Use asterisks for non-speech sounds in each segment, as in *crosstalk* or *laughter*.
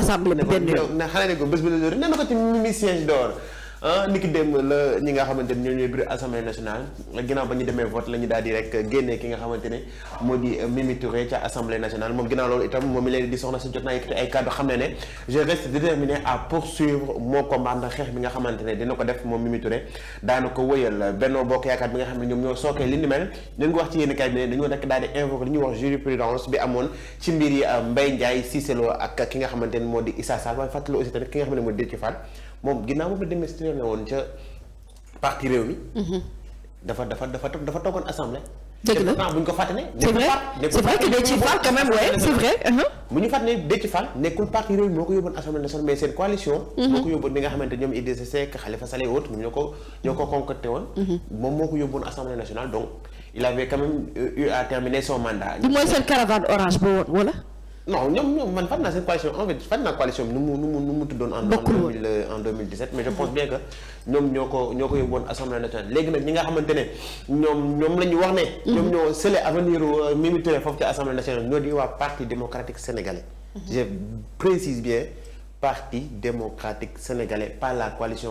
assemblée bi benn yoon. na xanaa ne ko bés bu la door nee na ko ci mi siège door ah niki dem la ñi nga xamante ni ñoo ñooy biir assemblée nationale ginnaaw ba ñu demee vote la ñu daal di rek génnee ki nga xamante ne moo di Mimi Touré ca assemblée nationale moom ginnaaw loolu itam moom mi leen di soxna si jot naa yëkkati bi nga xamante ne dina ko def moom Mimi Touré daana ko wëyal Benno Bokk Yaakaar bi nga xam ne ñoom ñoo sookee li ni mel dañ ko wax ci yéen kay bi ne dañoo rek daal di invoqué li ñuy wax jurisprudence bi amoon moo di Issa Sall moom ginnaaw ba démissionné ne woon ca parti réew mi. dafa dafa dafa dafa toogoon assemblée. dëgg la bu ñu ko fàtte ne. c'est vrai c'est vrai que Déthié Fall quand même ouais uh-huh. nekkul parti réew mi moo ko yóbboon assemblée nationale mais seen coalition. Uh-huh. moo ko yóbboon bi nga xamante ñoom Idrissa Seck Khalifa Sall et autres ñoo ko ñoo ko concocté woon. Uh-huh. moom moo ko yóbboon assemblée nationale donc il avait quand même eu à terminer son mandat. du mooy seen caravane orange boo woon wala. non ñoom ñoom man fàttali naa seen coalition en fait fàttali naa coalition bi nu mu nu mu nu mu tuddoon. en euh, en 2017 mais je pense bien que ñoom ñoo ko ñoo ko yóbbu woon assemblée nationale léegi nag ñi nga xamante ne ñoom ñoom la ñu wax ne. Mhm. ñoom ñoo sële avenir euh, Mimi Touré foofu ci assemblée nationale ñoo di waa parti démocratique sénégalais. Mhm. je précise bien. parti démocratique sénégalais pas la coalition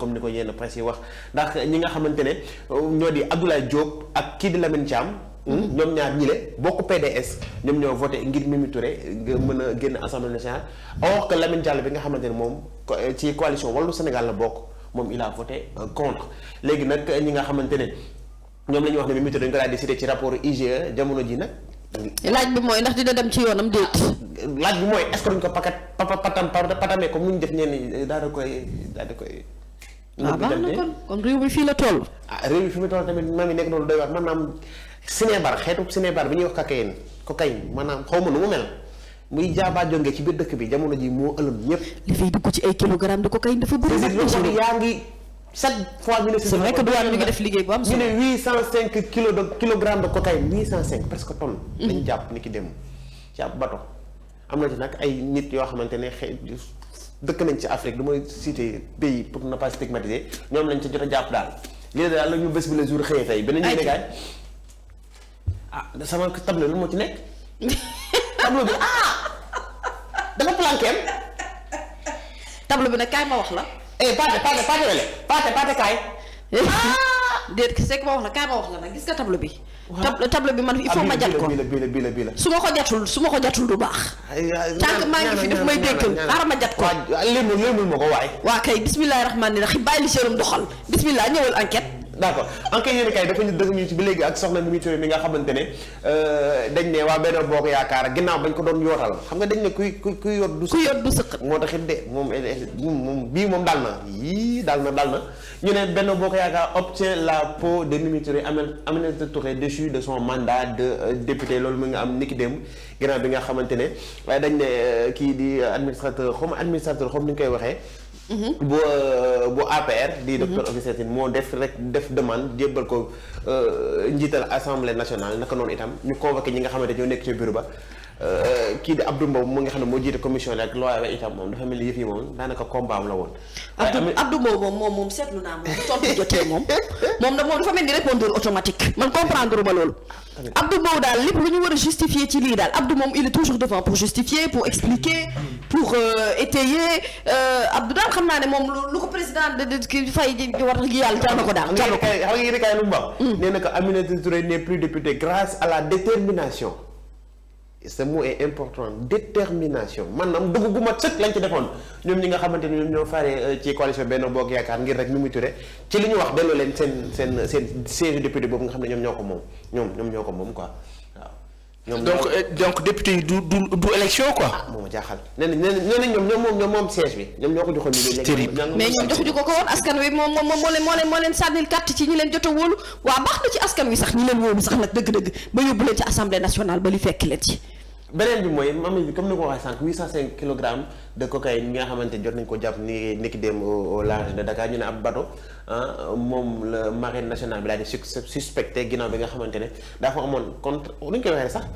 comme ni ko yenn presse yi wax ndax ñi nga xamante ne euh, ñoo di Abdoulaye Diop ak kii di Lamine Thiam ñoom ñaar ñi le bokk PDS ñoom ñoo voté ngir Mimi Touré nga mën a génn assemblée nationale or que Lamine Diallo bi nga xamante ne moom euh, ci coalition Wallu Sénégal la bokk moom il a voté euh, léegi nag euh, ñi nga xamante ne ñoom la wax ne Mimi Touré dañu ko daal ci rapport IGE jamono ji nag. laaj bi mooy ndax dina dem ci yoonam déet. Ah, laaj bi mooy est-ce que ko pakat patam patamee comme ni ñu def ñenn daal di koy daal di koy. waaw ah, baax na kon kon réew mi fii la toll. ah réew mi fii la toll tamit maa ngi nekk noonu doy waar maanaam. sinébar xeetu sinébar bi ñuy wax cocaïne cocaïne maanaam xaw ma nu mu mel muy jaabaa jonge ci biir dëkk bi jamono ji moo ëlëm ñëpp. li fay dugg ci ay kilogramme de cocaïne dafa bëri. te yaa ngi chaque fois ñu ne. c'est vrai que douane mi ngi def liggéey ñu de kilogramme presque tonne. Mhm. dañu jàpp ni ki dem ci bato. am na nag ay nit yoo xamante ne xëy dëkk nañ ci Afrique du may citer pays pour ne pas ñoom lañ ci jot a jàpp daal lii daal la ñu bés bi le jour xëy tey beneen ñu ah sama tableau lu moo ci nekk tableau bi ah dafa planqué bi nag kaay ma wax la. eh Paate Paate Paate wele Paate Paate kaay. Ah! *laughs* déet c'est que ma wax la kaay ma wax la nag gis nga tableau bi. waaw tableau bi man il faut ah, ma jat ko su ma ko jatul su ma ko jatul du baax. tànk maa ngi fi daf may dénkal xaaral ma jat ko. waaw léemul ma ko waaye. waa kay bisimilah rahmaani rahiim bàyyi li seerum doxal bisimilah ñëwal enquête. d'accord enquête yéen kay dafa ñu dëgg ñu ci léegi ak soxna Mimi Touré mi nga xamante ne euh, dañ ne waa benn boo ko yaakaar ginnaaw bañ ko doon yootal xam nga dañ ne kuy kuy kuy yot du sëq moo tax it de moom moom bii moom daal na yii daal na daal na ñu ne benn boo ko yaakaar obtient la peau de Mimi Touré Aminata Touré déchu de son mandat de euh, député loolu mu nga am niki démb ginnaaw bi nga xamante ne dañ ne euh, kii di administrateur xaw ma administrateur xaw ma ni ñu koy waxee Mm-hmm. bu euh, bu APR di mm-hmm. docteur Augustin Tine moo def rek def demande jébbal ko euh, njiital assemblée nationale naka noonu itam ñu convoqué ñi nga xamante ñoo nekk ci bureau ba Euh, kii di Abdou Mbow mu nga xam ne moo jiite commission rek looya ba itam moom dafa mel ni yëf moom daanaka combat am la woon. Abdou Abdou Mbow moom moom moom seetlu naa *laughs* automatique man comprendre ma loolu. Abdou Mbow daal lépp lu ñu war a justifier ci lii daal Abdou moom il est toujours devant pour justifier pour expliquer pour euh, étayer euh, Abdou daal xam naa ne moom lu ko président de kii fay war a yàlla jar na ko daal. jar na ko xam nga yéen a lu mu wax. Hmm. nee na ko Aminata plus députée grâce à la détermination. sa mot est important détermination maanaam dugg gu mat sëkk lañ ci defoon ñoom ñi nga xamante ñoom ñoo faree euh, ci coalition Benno li ñu boobu nga xam ne ñoom ñoo ko moom ñoom ñoom ñoo ko moom quoi ñoom moom jaaxal nee ñoom ñoo ko joxoon. mais ñoom joxuñu ko ko woon askan wi moom moom moo leen moo leen sànnil carte ci ñi leen jot a wóolu waa baax na ci askan wi sax ñi leen wóolu sax nag dëgg-dëgg ba yóbbu leen ci assemblée nationale ba li leen ci beneen bi mooy mam bi comme ni ko waxee sànq 805 kilogrammes de cocaïne bi nga xamante jot nañ ko jàpp ni niki dem au large ne ab bateau moom la marine nationale bi daal di suspecté ginnaaw bi nga xamante ne daa fa amoon contre nu ñu koy sax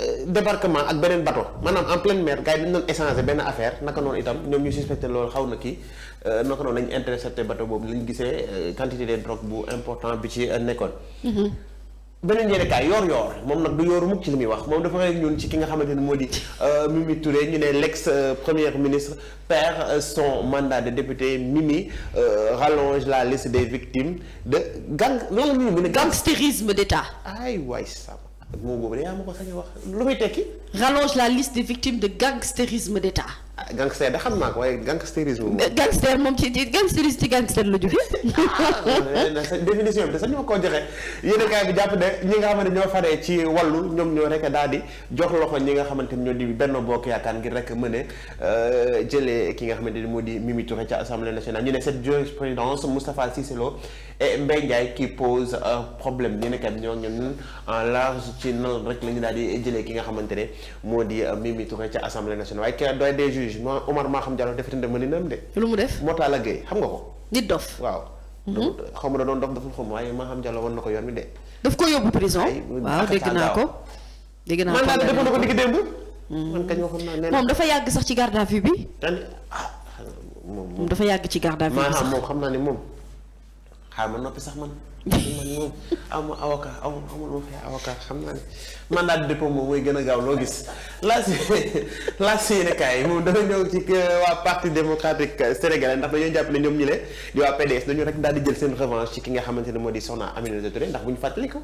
euh, débarquement ak beneen bato maanaam en pleine mer gars yi dañu échanger benn affaire naka noonu itam ñoom ñu suspecté loolu xaw na kii euh, naka noonu lañu intercepté bateau boobu lañu gisee euh, quantité de drogue bu important bi ci nekkoon mm-hmm. beneen yéen kaay yoor yoor moom nag du yooru mukk ci li muy wax moom dafa xëy ñun ci ki nga xamante ni moo di euh, Mimi Touré ñu ne l'ex euh, première ministre perd son mandat de député Mimi euh, rallonge la liste des victime de gang lan la ñuy mu ne gangstérisme d'État ay waay sama moo boobu de yaa ma ko sañ wax lu muy tekki rallonge la liste des victimes de gangstérisme d'État gangster da xam naa ko waaye gangsterisme. gangster moom ci gangsterisme ci gangster la jógee. Ah, définition bi sax ñoo koo joxe yéen a kaay bi jàpp ne ñi nga xamante ñoo faree ci wàllu ñoom ñoo rek daal di jox loxo ñi nga xamante ñoo di Benno Bokk euh, ki nga xamante ni moo di Mimi ca assemblée nationale ñu ne cette jurisprudence Moustapha Cissé Lo et Mbaye Ndiaye pose problème yéen a kaay bi ñoo ñoom en large ci noonu rek la ñu daal di jëlee ki nga xamante ne moo di euh, Mimi Touré ca assemblée nationale waaye ma Omar maa xam Diallo def itam dama ni nam de. lu mu def Motala Gueye xam nga ko. nit dof waaw. Mhm. xaw da doon dof doful xaw ma waaye maa xam Diallo woon na ko yoon mi de. daf ko yóbbu prison. waaw dégg naa ko. dégg naa ko man daal defoon na ko digg démb. Mhm. moom dafa yàgg sax ci garde bi. Ah, moom dafa yàgg ci garde bi sax moom xam naa ne moom. xaar ma noppi sax man man moom amul avocat amul amul ma fay avocat xam naa ne mandat de dépôt moom mooy gën a gaaw loo gis laas laas yéenekaay moom dafa ñëw ci waa parti démocratique sénégalais ndax dañoo jàpp ne ñoom ñi le di waa PDS dañu rek daal di jël seen revanche ci ki nga xamante ne moo di soxna Aminata Touré ndax bu ñu fàttaliku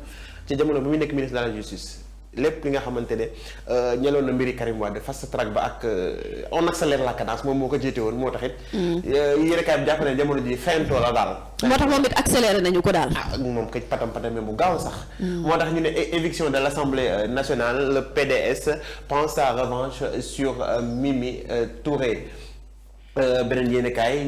ci jamono bi muy nekk ministre de la justice lépp li nga xamante ne euh, ñeloon na mbiri Karim Wade fast track ba ak euh, on accélère la cadence moom moo ko jiite woon moo tax it. Mm. Euh, yéen kaay jamono ji fento la daal. moo tax moom it accéléré nañu ko daal. ah moom kay patam patam bu gaaw sax. Mm. moo tax ñu ne éviction de l' assemblée nationale le PDS pense à revanche sur Mimi Touré. Euh, beneen yéenekaay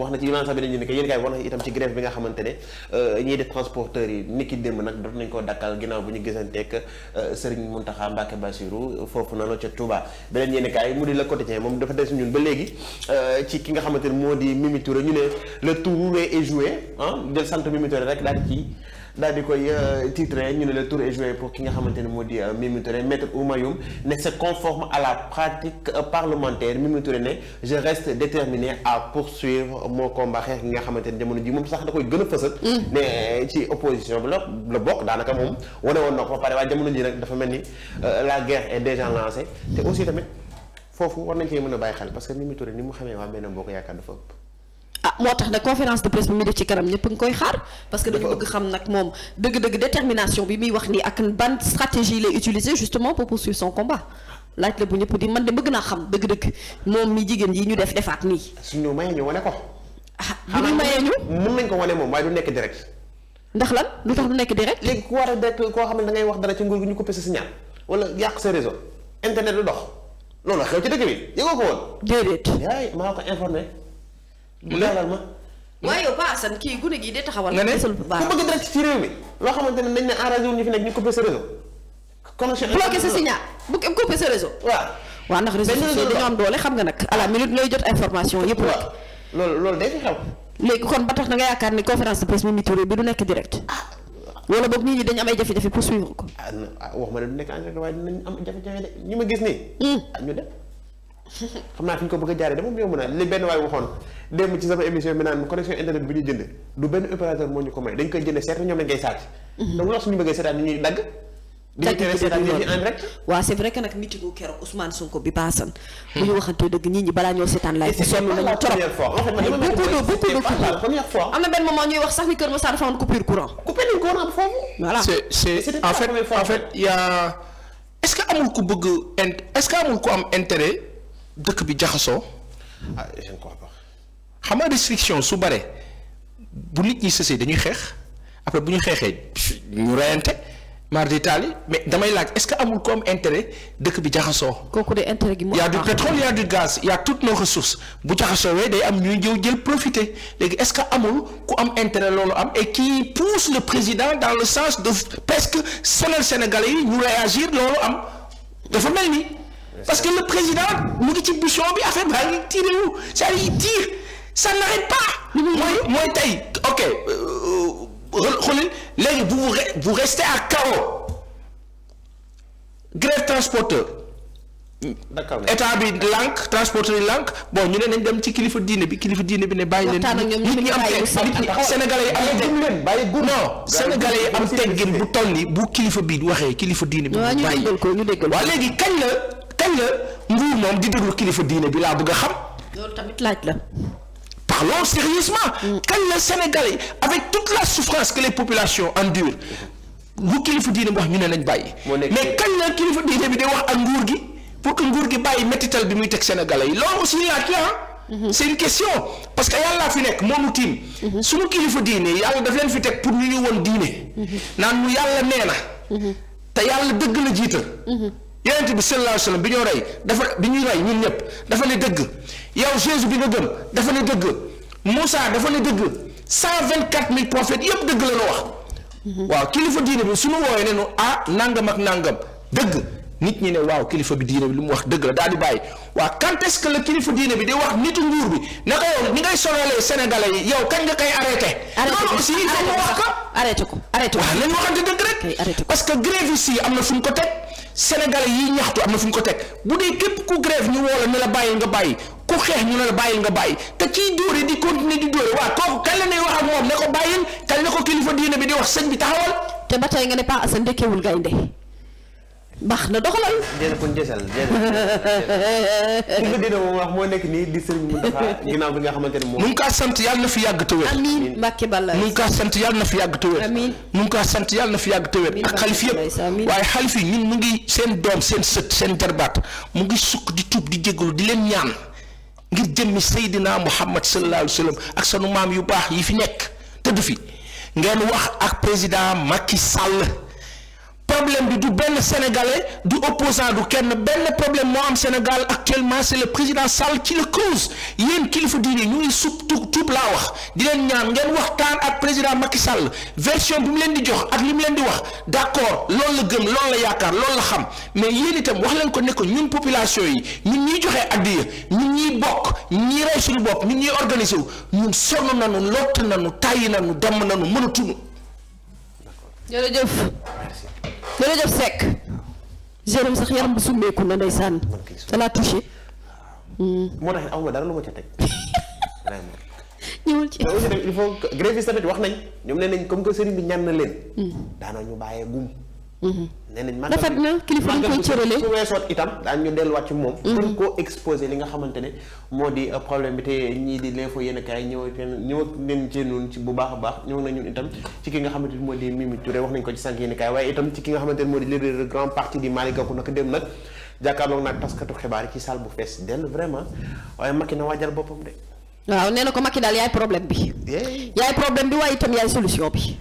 wax na ci yonaan sax beneen yéenekaay yéenekaay wax na itam ci grève bi nga xamante ne euh, ñiy def transporteurs yi ni ki démb nag dot nañ ko dakkal ginnaaw bu ñu gisante gisanteeg euh, Serigne Mountakha Mbacké Bassirou foofu noonu ca Touba beneen yéenekaay mu di Le Quotidien moom dafa des ñun ba léegi ci ki nga xamante ne moo di Mimi Touré ñu ne le tour est joué ah jël sant Mimi Touré rek daal ci daal di koy euh, titré ñu ne le tour est joué pour ki nga xamante ne moo di euh, Mimi Touré maître Oumayoum ne c'est conforme à la pratique euh, parlementaire Mimi Touré ne je reste déterminé à poursuivre mon combat xeex gi nga xamante ne jamono ji moom sax da koy gën a fësal mm. ne ci opposition bi la bokk daanaka moom wane woon na ko ba pare waaye jamono ji nag dafa mel ni la guerre est déjà lancée te aussi tamit foofu war nañ cee mën a bàyyi xel parce que Mimi ah moo tax nag conférence de presse bi muy def ci kanam ñëpp nga koy xaar parce que dañu bëgg xam nag moom dëgg-dëgg détermination bi muy wax nii ak ban stratégie lay utiliser justement pour poursuivre son combat laaj la bu ñëpp di man de bëgg naa xam dëgg-dëgg moom mi jigéen yi ñu def defaat nii. suñu mayee ñu wane ko. ah bu ñu nañ ko wane moom waaye du nekk direct. ndax lan lu tax du nekk direct. léegi ku war a koo xam ne da ngay wax dara ci nguur gi ñu coupé sa signal wala yàq sa réseau internet du ko woon. déedéet. mu leeral ma. waaw yow Pa de taxawal. nga ne ku loo xamante ne ne enragé wu ñu fi nekk ñu coupé sa réseau. connexion bloqué sa xam nga nag à la minute looy jot information loolu loolu day fi xew. léegi kon ba tax na nga yaakaar ni conférence de presse Mimi Touré bi du nekk direct. Ah. wala boog nit ñi dañu jafe-jafe pour suivre ko. ah, ah ma ne du nekk en direct am jafe-jafe ñi ma gis nii. Hmm. Ah, ñu dem. xam naa fi ñu ko bëgg jaaree dama mu yomb na li benn waay waxoon démb ci sama émission bi naan connexion internet bi ñu jënd du benn opérateur moo ñu ko may dañ koy jënd mhm. seetaan ni ñuy dagg. dañuy tere seetaan yéen en direct. waaw c'est vrai que nag meetingu keroog Ousmane ñu waxantee dëgg nit ñi balaa ñoo seetaan laay. wax sax ni Kër Moussa dafa amoon coupure courant. coupé nañ courant foofu. voilà c'est c'est en fait en fait y a est-ce que amul ku bëgg est-ce que amul ku am dëkk bi jaxasoo. ah je xam nga restriction su bare bu nit ñi sësee dañuy xeex après bu ñu xeexee ñu reyante mar di taali mais damay laaj est-ce que amul ko am intérêt dëkk bi jaxasoo. kooku de intérêt gi moo y a du pétrole y a du gaz y a toutes nos ressources bu jaxasoo wee day am ñuy jëw jël profiter léegi est-ce que amul ku loolu am et qui pousse le président dans le sens de presque sonal sénégalais yi ñu réagir loolu am dafa mel ni. parce que le président mu ngi ci bouchon bi affaire baa ngi tiré wu cest à mooy mooy tey ok euh, xoolal léegi bu vous restez à carreau grève transporteur. état bi lànk transporteur lank lànk bon ñu ne nañ dem ci kilifa diine bi kilifa diine bi ne bàyyi leen. nit ñi am te sénégalais yi am te non sénégalais yi am teggin bu toll ni bu kilifa bi waxee kilifa diine bi. waaw léegi kañ la. kañ la nguur moom di déglu kilifa diine bi laa bëgg a xam. loolu tamit la. parlons sérieusement. kañ mm. la Sénégal yi avec toute la souffrance que les populations endurent bu kilifa diine bi wax ñu ne nañ bàyyi. mais kañ la kilifa diine bi di wax ak nguur gi pour que nguur gi bàyyi métital bi muy teg Sénégalais yi loolu aussi laaj la mm-hmm. c'est une question parce que yàlla fi nekk moom moomu tiim. Mm-hmm. suñu kilifa diine yàlla daf leen fi teg pour ñu ñu woon diine. Mm-hmm. naan mu yàlla na. te yàlla dëgg la jiital. yonent bi sallallahu alayhi wa sallam bi ñoo rey dafa bi ñuy rey ñun ñëpp dafa ne dëgg yow Jésus bi nga gëm dafa ne dëgg Moussa dafa ne dëgg cent vingt quatre mille prophètes yëpp dëgg la ñu wax. waaw kilifa diine bi suñu wooyee ne nu ah nangam ak nangam dëgg nit ñi ne waaw kilifa bi diine bi lu mu wax dëgg la daal di bàyyi waaw quand est-ce que le kilifa diine bi di wax nitu nguur bi na ko yow ni ngay sonalee Sénégalais yi yow kañ nga koy arrêté. arrêté ko loolu aussi il faut mu wax ko. arrêté ko arrêté ko waaw nañu waxante dëgg rek. parce que grévistes yi am na fu ñu ko teg. sénégalais yi ñaxtu am na fu ñu ko teg bu dee képp ku grève ñu woo la ne nga bàyyi ku xeex ñu ne la bàyyi nga bàyyi te ciy dóore di continuer di dóore waaw kooku kañ la ñuy wax ak moom ne ko bàyyil kañ la ko kilifa diine bi di wax sëñ bi taxawal. te ba tey nga ne Paa Assane dëkkewul gaynde baax na doxalal. jërëjëf kon jësal jërëjëf. ku nga moo nekk nii di sëriñ Mountakha ginnaaw nga xamante ne moom. nu ngi kaa sant yàlla na fi yàgg te wér. amiin kaa sant yàlla na fi yàgg te wér. amiin nu ngi sant yàlla fi yàgg te wér. ak xalif yëpp waaye xalif yi ñun mu ngi seen doom seen sët seen jarbaat mu ngi sukk di tuub di jégalu di leen ñaan ngir jëmmi Seydina Muhammad sallallahu alayhi wa sallam ak sunu maam yu baax yi fi nekk te fi ngeen wax ak président Macky Sall problème bi du benn sénégalais du opposant du kenn benn problème moo am Sénégal actuellement c'est le président Sall qui le cause yéen kilifa diine ñu ngi sub tu tuub laa wax di leen ñaan ngeen waxtaan ak président Macky Sall version bi mu leen di jox ak li mu leen di wax d'accord lool la gëm loolu la yaakaar loolu la xam mais yéen itam wax leen ko ne ko ñun population yi ñun ñuy joxe addiya ñun ñuy bokk ñuy rey suñu bopp ñun ñuy organiser wu ñun sonn nañu lott nañu tàyyi nañu dem nañu mënatuñu. jërëjëf. jërëjëf Seck jërëm sax yaram bu summeeku na ndeysaan ça l'a touché hmm. moo tax amuma dara lu ma ca teg *laughs* ñëwul ci aussi tamit il faut grévistes tamit wax nañ ñoom nee nañ comme que sëriñ bi ñaan na leen hmm. daana ñu bàyyee gum hmm. nee nañ màggal rafet na kilifa ñu koy su weesoot itam daan ñu delluwaat ci moom mm-hmm. gën koo exposé li nga xamante ne moo di euh, problème bi te ñii di l'info yenn kaay ñëw ñëw ak leen ci noonu ci bu baax a baax ñëw na itam ci ki xamante ne moo wax nañ ko ci sànq yenn kaay waaye itam ci ki nga xamante ne moo di leader de grand parti di Malick Gakou nag dem nag jàkkaarloog nag taskatu xibaar yi ci salle bu fees dell vraiment waaye Macky na waajal boppam de waaw nee ko Macky daal yaay problème bi eh. yaay problème bi waaye itam yaay solution bi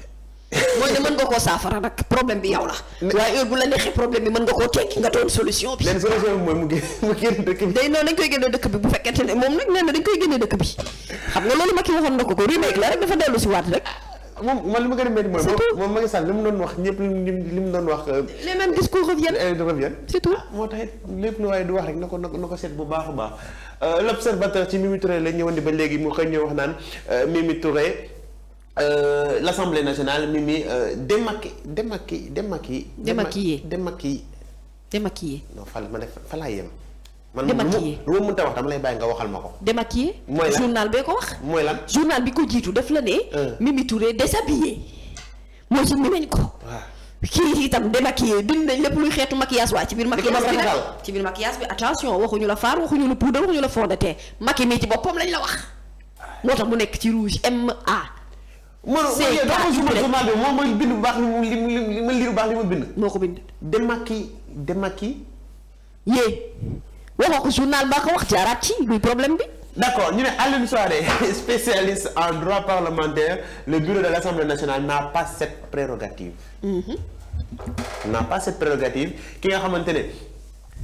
mooy ne mën nga koo saafara nag problème bi yow la. waaye heure bu la neexee problème bi mën nga koo tekki nga doon solution bi. léegi solution mooy mu génn mu génn dëkk bi. xam nga loolu ma ki waxoon na ko ko remake la dafa dellu si waat rek. moom man li ma gën a métti moom Macky wax ñëpp li mu doon wax. Euh, ah, moo tax it lépp lu waaye wax rek ko na ko seet bu baax a baax euh, l' observateur ci Mimi Touré la ñëwoon di ba léegi mu xëy ñëw wax naan euh, Mimi Touré Euh, l'Assemblée nationale Mimi euh, démaqui démaqui démaqui démaquillé démaquillé démaquillé non fa ma def fa laa yem man lu ma mënta wax dama lay bàyyi nga waxal ma ko démaquillé mooy lan journal bee ko wax mooy lan journal bi ko jiitu daf la ne euh. Mimi Touré déshabillé mooy summi nañ ko waaw kii itam démaquillé dindi nañ lépp luy xeetu maquillage waa ci biir maquillage bi nag ci biir maquillage bi attention waxuñu la fard waxuñu la poudre waxuñu la fond de teint maki mii ci boppam lañ la wax moo tax mu nekk ci rouge MA c'est pas vrai man journal bi moom mooy bind bu baax li mu li mu li ma liir bu baax li ma bind. moo ko bind. Demaki Demaki. yee waxoo ko journal baa ko wax ci araab ci muy problème bi. d'accord ñu ne Alioune Souaré *laughs* spécialiste en droit parlementaire le bureau de l'Assemblée nationale n'a pas cette prérogative. Mhm. n'a pas cette prérogative ki nga xamante ne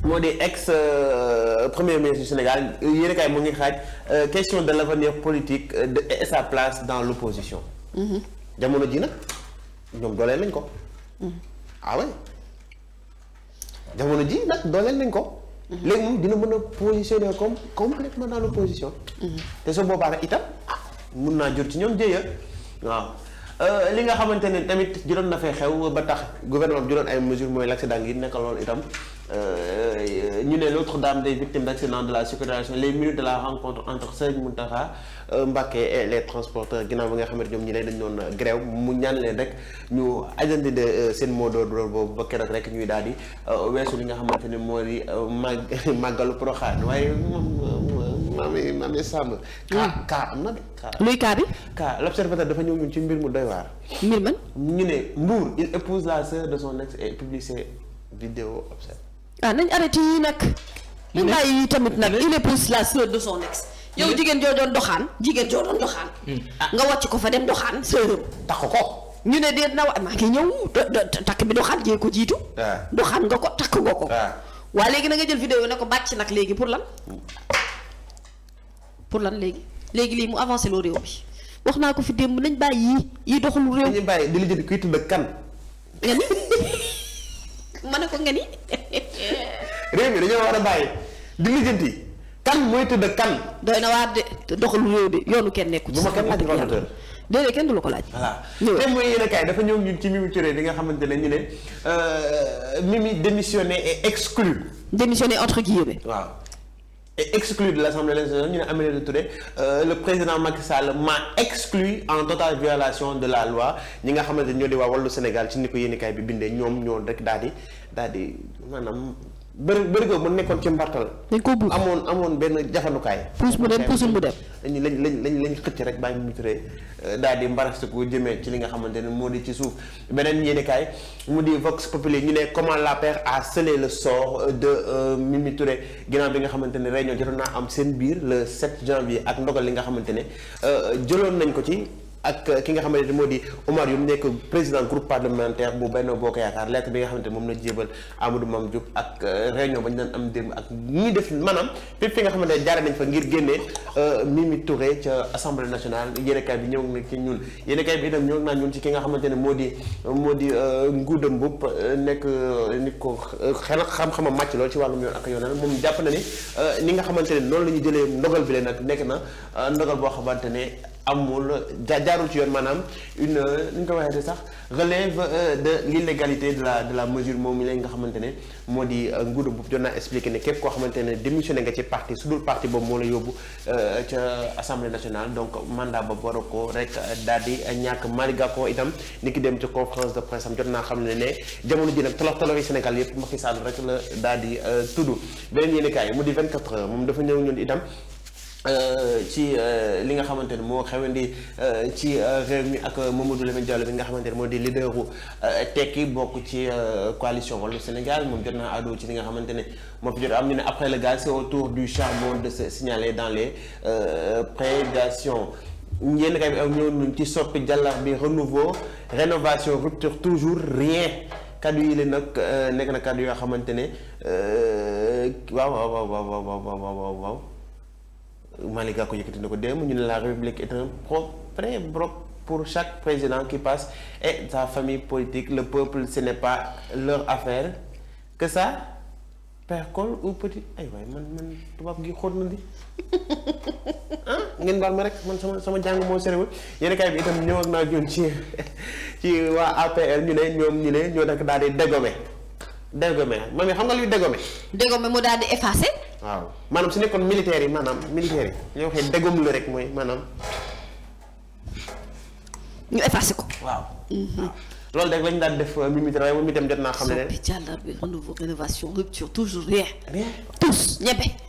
moo di ex euh, premier ministre du Sénégal yéen a kaay mu ngi xaaj euh, question de l'avenir politique euh, de et sa place dans l'opposition jamono ji nag ñoom dooleel lañ ko. ah oui jamono ji nag dooleel nañ ko. léegi moom dina mën a positionner comme complètement dans l'opposition. Mhm. te su boobaa itam ah mun naa jur ci ñoom jéeya waaw. Euh, li nga xamante ni tamit juróon na fee xew ba tax gouvernement bi juróon ay mesures mooy l' accident yi nekk loolu itam euh, ñu ne l'autre dame de victimes d' accident de la circulation les minutes de la rencontre entre Serigne Mountakha euh, Mbacké les transporteurs ginnaaw bi nga xamante ñoom ñi ne dañu doon grève mu ñaan leen rek ñu ajandi de seen mot d'ordre boobu ba keroog rek ñuy daal di weesu li nga xamante ni mooy di *laughs* màggalu Porokhane waaye maami maami sàmm kaa kaa am na de luy kaa bi kaa l'observateur dafa ñëw ñun ci mbir mu doy waar mbir man ñu ne Mbour il épouse la sœur de son ex et publie ses vidéos observe ah nañ arrêté yi nag mu bàyyi tamit nag il épouse la sœur de son ex yow jigéen joo doon doxaan jigéen joo doon doxaan hmm. ah. nga wàcc ko fa dem doxaan sœuram takk ko ñu ne de na wa maa ngi ñëw takk bi doxaan jee ko jiitu ah. doxaan nga ko takk nga ko ah. waa léegi na nga jël vidéo ne ko bàcc nag léegi pour lan hmm. pour lan léegi léegi lii mu avancé loo réew mi wax naa ko fi démb nañ bàyyi yii yi doxalu réew. nañu di lijjanti kuy tudd kan. nga ni *laughs* ne ko nga ni. *laughs* réew dañoo war a bàyyi di lijjanti kan mooy tudd kan. doy na waar de doxalu réew de yoonu kenn nekku bu ma kenn laaj loolu déedéet kenn du la ko laaj. voilà te mooy dafa ñëw ñun ci Mimi Touré di nga xamante ne ñu ne euh, Mimi démissionné et exclu. démissionné entre guillemets. waaw. et exclu de l'Assemblée nationale ñu ne Aminata Touré euh, le président Macky Sall m'a exclu en totale violation de la loi ñi nga xamante ñoo di waa wallu Sénégal ci ni ko yéenekaay bi bindee ñoom ñoo rek daal di daal di maanaam bëri bëri ko mu nekkoon ci mbartal dañ koo buub amoon amoon benn jafandukaay. puus mu dem puusul mu dem. dañu lañ lañ lañ lañ xëcc rek bàyyi mu turee euh, daal di koo jëmee ci li nga xamante ne moo di ci suuf beneen yéenekaay mu di Vox Populi ñu ne comment la per à scellé la sort de euh, Mimi Touré ginnaaw bi nga xamante ne réunion jotoon naa am seen biir le 7 janvier ak ndogal li nga xamante ne euh, jëloon nañ ko ci. ak ki nga xamante ni moo di Omar Youm nekk président groupe parlementaire bu Benno Bokk Yaakaar nga xamante moom la jébal Amadou Mame Diop ak euh, réunion ba ñu daan am démb ak ñi def maanaam fépp nga xamante ne jaare nañ fa ngir génnee euh, Mimi Touré ca assemblée nationale yéenekaay bi ñëw na ci ñun yéenekaay bi itam ñëw naa ñun ci ki nga xamante ne moo di moo di euh, Ngouda Mboup nekk nit ko xel xam-xamam màcc lool ci wàllum yoon ak yoonal moom jàpp na ni ni nga xamante ne noonu la ñu jëlee ndogal bi le nag nekk na ndogal boo xamante ne amul jaarul ci yoon maanaam une euh, nu ñu ko waxee sax relève euh, de l'illégalité de la de la mesure moom la nga xamante ne moo di nguuru boobu doon naa expliqué ne képp koo xamante ne démissionné nga ci parti su dul parti boobu moo la yóbbu euh, ca assemblée nationale donc mandat ba war a ko rek daal di ñàkk Malick Gakou itam ni ki dem ci conférence de presse jot naa xam ne ne jamono ji nag tolof tolof yi Sénégal yëpp Macky rek la daal di tudd beneen moom dafa ñëw Euh, ci euh, li nga xamante ne moo xewandi euh, ci réew mi ak moom Mamadou Lamine Diallo bi nga xamante ne moo di leaderu tekki bokk ci coalition wàllu Sénégal moom jot naa àddu ci li nga xamante ne moo fi jot am ñu ne après le gaz c'est autour du charbon de se signaler dans les prédations yenn kay bi aw ñëw nañ ci soppi jàllar bi renouveau rénovation rupture toujours rien kaddu yi la nag nekk na kaddu yoo xamante ne waaw waaw waaw waaw waaw waaw Malick Gakou yëkkati na ko démb ñu ne la République est un broc pour chaque président qui passe et sa famille politique le peuple ce n'est pas leur affaire que ça père col ou petit ay waay man man tubaab gi xóot na di *laughs* ah ngeen baal ma rek man sama sama jàng moo serewul yéen kay bi itam ñëw ak naa ñun ci *laughs* waa APR ñu ne ñoom ñu ne ñoo nag daal di dégomé dégomé mami xam nga luy dégomé dégomé mu daal di effacé waaw maanaam su nekkoon militaire yi maanaam militaire yi ñoo waxee déggoom lu rek mooy maanaam. ñu effacé ko. waaw. Mhm. loolu de lañu daan def euh, Mimi Touré waaye mi dem jot naa xam ne. soppi jàllarbi renouveau rénovation rupture toujours rien. rien tous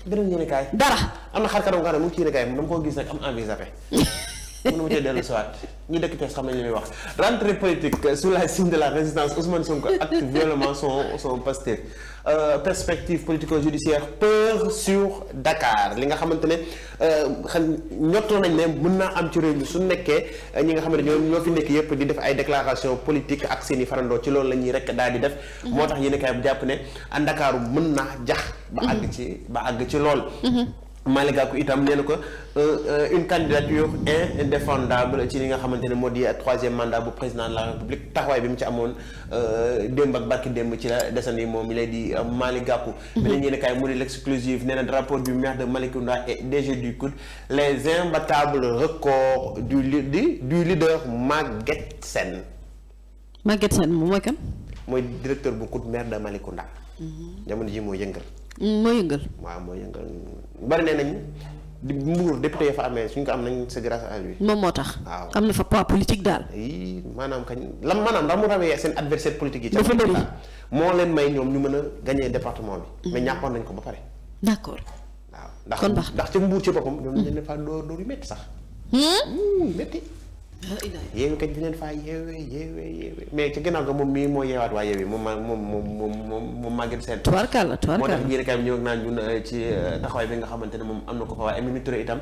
beneen yéenekaay. dara am na xar kanam nga xam ne mu ngi ci dama koo gis nag am envie zappé. *laughs* mënu ma cee dellu si waat ñu dëkk Thiès xam nañ li muy wax rentrée politique sous la signe de la résistance Ousmane Sonko acte violemment son son Pastef euh, perspective politico-judiciaire peur sur dakaar li nga xamante ne euh, xam ñottoo nañ ne mun naa am ci réew mi su nekkee euh, ñi nga xamante ñoo ñoo fi nekk yëpp di def ay déclaration politique ak seen i farandoo ci loolu la ñuy rek daal di def mhm. moo tax yéen a bu jàpp ne Ndakaaru mën naa jax ba àgg ci ba àgg ci lool mhm. maali Gakou itam nee na ko euh, euh, une candidature indéfendable ci li nga xamante ne moo di troisième mandat bu président de la république taxawaay bi mu ci amoon euh, démb ak barki démb ci la desan yi moom mi lay di Malick Gakou mhm. beneen yéen kaay mu di l'exclusive nee na rapport du maire de Malicounda et DG du COUD les imbattables records du du du leader Maguette Sène Maguette Sène moom mooy kan mooy directeur bu COUD maire de Malicounda mhm. jamono ji moo yëngal moo yëngal. waaw moo yëngal bari ne nañ di Mbour député ya fa amee suñ ko am nañ c'est grâce à lui. moom moo tax. waaw am na fa poids politique daal. yii maanaam kañ lam maanaam ndax mu rawee seen adversaire politique yi. dafa bëri moo leen may ñoom ñu mën a gagné département bi. Mm-hmm. mais ñàppoon nañ ko ba pare. d'accord. waaw ndax kon ndax ca Mbour ci boppam. ñoom dañ leen faa door door yu sax. métti. Hmm? Hmm, yeewi kat dinañ faa yeewee yeewee yeewee mais ci ginnaaw ga moom mii moo yeewaat waa yeewi moom moom moom moom moom màgget seen tubarkàlla tubarkàlla moo tax ñii rek am ñëw naan ñun ci euh, taxawaay ne moom am na ko fa waaye Mimi Touré itam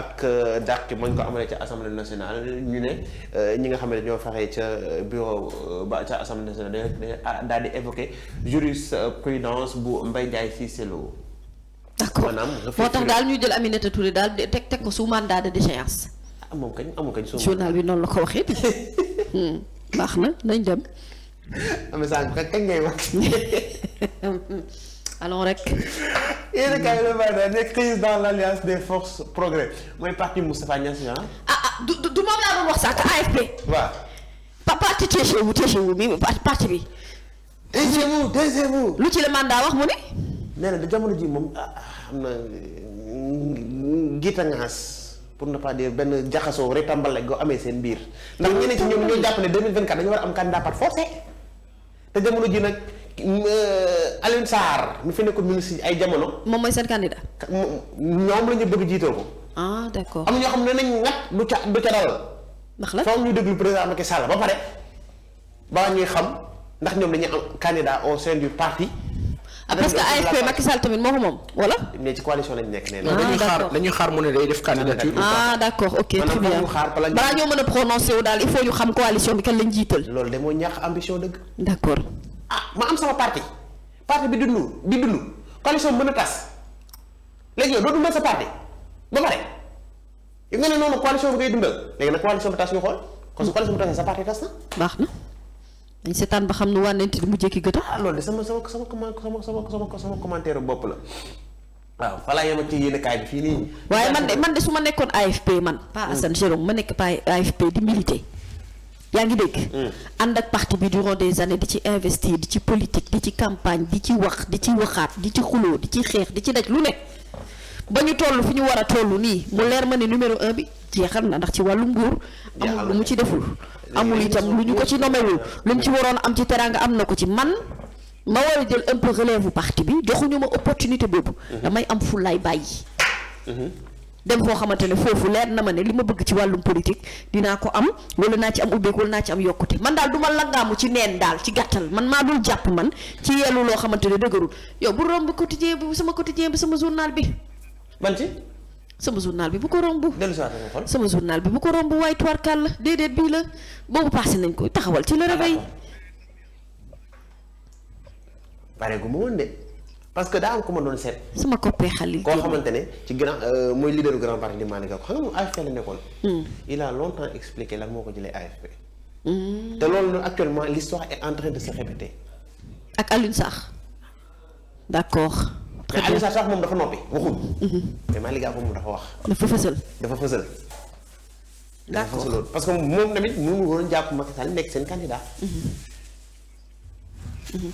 ak euh, dàq mañ ko amalee ca assemblée nationale ñu ne euh, ñi nga xam ne ñoo fexe ca bureau ba ca assemblée nationale da ah, daal di évoqué jurisprudence bu Mbaye Ndiaye Cissé Lo d'accord moo tax daal ñu jël Aminata Touré daal teg teg ko sous mandat de déchéance amoon kañ amoon kañ. soo journal bi noonu la ko waxee. Hmm. baax na nañ dem. *laughs* am ngay wax. *laughs* allons rek. yéen a kaay la maanaam nekk crise dans l' alliance des forces mooy parti Moustapha Niasse ah ah, ah du du moom laa doon wax sax AFP. waaw. papa ci TGV bu TGV bi parti bi. lu ci la mandat wax mu ne. nee da jamono ji moom ah xam ah, na giita ngaas. pour ne pas dire benn jaxasoo rek tàmbale go amee seen biir ndax ñeneen ci ñoom ñoo jàpp ne 2024 dañu war a am candidat par force te jamono ji nag euh, Alioune Sarr mu fi nekkoon ministre ay jamono. moom mooy seen candidat. ñoom la ñu bëgg jiitoo ko. ah d'accord am ñoo xam ne nañ nag du ca du ca dal. ndax la foog ñu déglu président Macky Sall ba pare ba ñuy xam ndax ñoom dañuy am candidat au sein du parti. ah parce que AFP Macky Sall tamit moo ko moom wala. mais ci coalition lañ nekk nee na. Ah, dañuy xaar dañuy xaar mu ne day def candidature. ah, ah d' accord ok très bien balaa ñoo mën a prononcé wu daal il faut ñu xam coalition bi kan lañ jiital. loolu de moo ñaax ambition dëgg. d' accord. ah ma am sama parti parti bi di dund di dund coalition mën a tas léegi yow dootu mën sa parti ba pare yu nga ne noonu coalition bi ngay dundal léegi nag coalition bi tas ñu xool kon su coalition bi tasee sa parti tas na. baax na. dañ seetaan ba xam ne wànnante mu jékki gëta ah loolu de sama sama sama sama sama sama commentaire bopp la waaw fa laa yem ak ci yéen kaay bi fii nii. waaye man de man de su ma nekkoon AFP man. pas hmm. Assane Jérôme ma nekk pas AFP di militer. yaa ngi dégg. Hmm. ànd ak parti bi durant des années di ci investi di ci politique di ci campagne di ci wax di ci waxaat di ci xuloo di ci xeex di ci daj lu nekk ba ñu toll fi ñu war a toll nii mu leer ma ne numéro un bi jeexal na ndax ci wàllu nguur. amul mu ci deful. amul itam lu ñu ko ci nomewul lu mu ci waroon am ci teraanga am na ko ci man ma war a jël un peu relève bu parti bi joxuñu ma opportunité boobu mhm. damay am fullaay bàyyi mhm. dem foo xamante ne foofu leer na ma ne li ma bëgg ci wàllum politique dinaa ko am wala naa ci am ubbeeku wala naa ci am yokkute man daal du ma langaamu ci neen daal ci gàttal man maa dul jàpp man ci yellu loo xamante ne dëgërul yow bu romb quotidien bi sama quotidien bi sama journal bi ban ci sama journal bi bu ko romb. sama journal bi bu ko romb waaye tuwarkaal la déedéet bii la boobu passé nañ ko taxawal ci le ah, réveil. bare gu ma woon de parce que daa am ko ma doon seet. suma coppée xalil koo xamante ne ci grand euh, mooy leader du grand parti di Malick Gakou xam nga moom AFP nekkoon. Hmm. il a longtemps expliqué lan moo ko jëlee AFP. Hmm. te loolu actuellement l'histoire est en train de se répéter. ak Alioune Sarr d'accord. très bien mais Alioune Sarr moom dafa noppi waxul. Mhm. mais Malick Gakou moom dafa wax. dafa fësal. dafa fësal. dafa fësaloon parce que moom tamit mënu woon jàpp Macky Sall nekk seen candidat. Mhm. Mhm.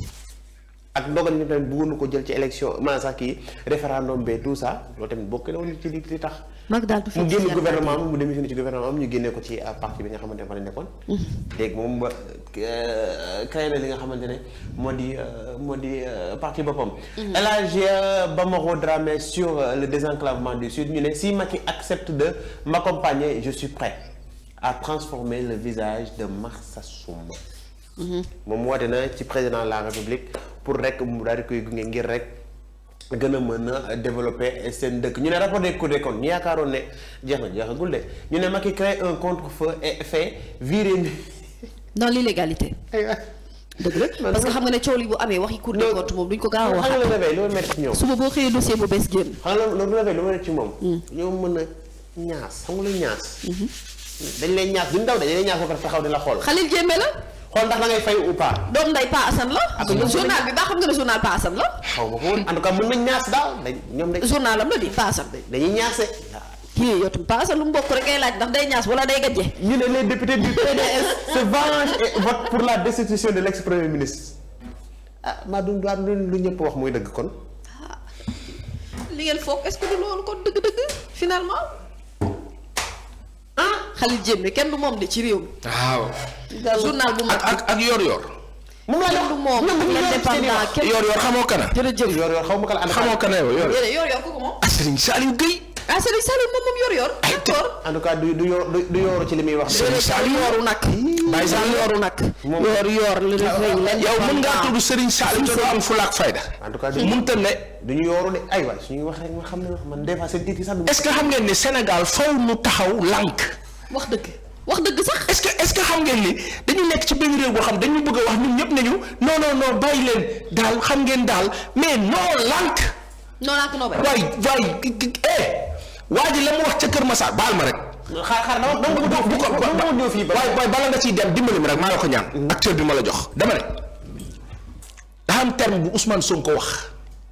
ak ndogal ni tamit bëggoon na ko jël ci élection maanaam sax kii référendum bee tout ça loolu tamit bokk na woon ci li li tax. mag daal du fi mu génn gouvernement mu démissionné ci gouvernement am ñu génnee ko ci euh, parti bi nga xamante ne fa la nekkoon. Mm-hmm. léegi moom ba euh, créé li nga xamante ne moo di euh, moo di parti boppam. Mm-hmm. El Hadj Bamaro Dramé sur le désenclavement du sud ñu ne si Macky accepte de m'accompagner je suis prêt à transformer le visage de Marsassoum. Mm-hmm. moom woote na ci président de la République. pour rek mu daal di koy gunge ngir rek gën a mën a seen dëkk ñu ne rapport des cours des ñu yaakaaroon ne jeex na jeexagul de ñu ne Macky crée un contre-feu et fait virer *laughs* dans l'illégalité dëgg la parce que xam nga ne coow yi bu amee waxi cour des comptes moom duñ ko gaaw a wax xam nga loolu métti ci ñoom suba boo xëyee dossier bu bees génn xam nga loolu lu métti ci moom ñoo hmm. mën a ñaas xam nga la ñaas hmm. dañ lay ñaas duñ daw dañ lay ñaas ba xool xool ndax da ngay fay ou pas. doom nday Pa Assane la. Ah, journal bi baax xam nga ne journal Pa la. xaw ma ko woon en tout cas mën ñaas daal dañ ñoom dañ. journal am la di Pa dañuy ñaase. kii yow Pa lu mu bokk rek laaj ndax day ñaas wala day gàjje. ñu ne les députés du PDS se vengent et votent pour la destitution de l'ex premier ministre. ah maa du daal lu ñëpp wax mooy dëgg kon. Ah, li ngeen foog est-ce que du loolu kon dëgg-dëgg finalement. Khalil Diémé kenn du moom de ci réew mi. waaw. ak ak yor-yor. mu ngi kenn du moom l'indépendant yor-yor xamoo kana. jërëjëf yor-yor xaw ma kana xamoo kana yow yor-yor. yor-yor kooku moom. ah Serigne Saliou ah, du du yor du yor ci li muy wax. Serigne Saliou yoru nag. nag. moom yor-yor la yow mën ngaa tudd Serigne Saliou te doo am fulaak fayda. en tout cas du mënta ne. du ñu yooru de aywa su ñuy wax rek xam ne man des fois seen tiit yi sax. xam ngeen ni Sénégal faw nu taxaw lànk wax dëgg wax dëgg sax. est-ce que est-ce que xam ngeen ni dañu nekk ci benn réew boo xam dañu bëgg a wax ñun ñëpp nañu non non non bàyyi leen daal xam ngeen daal mais non lànk. non lànk noo bay. waay waay eh, ji la mu wax ca Kër Masar baal ma rek. xaar xaar na wax bu ko bu ko waay waay bala nga ciy dem dimbali ma rek maa la ko ñaan. Mm-hmm. acteur bi ma la jox dama ne daa am terme bu Ousmane Sonko wax.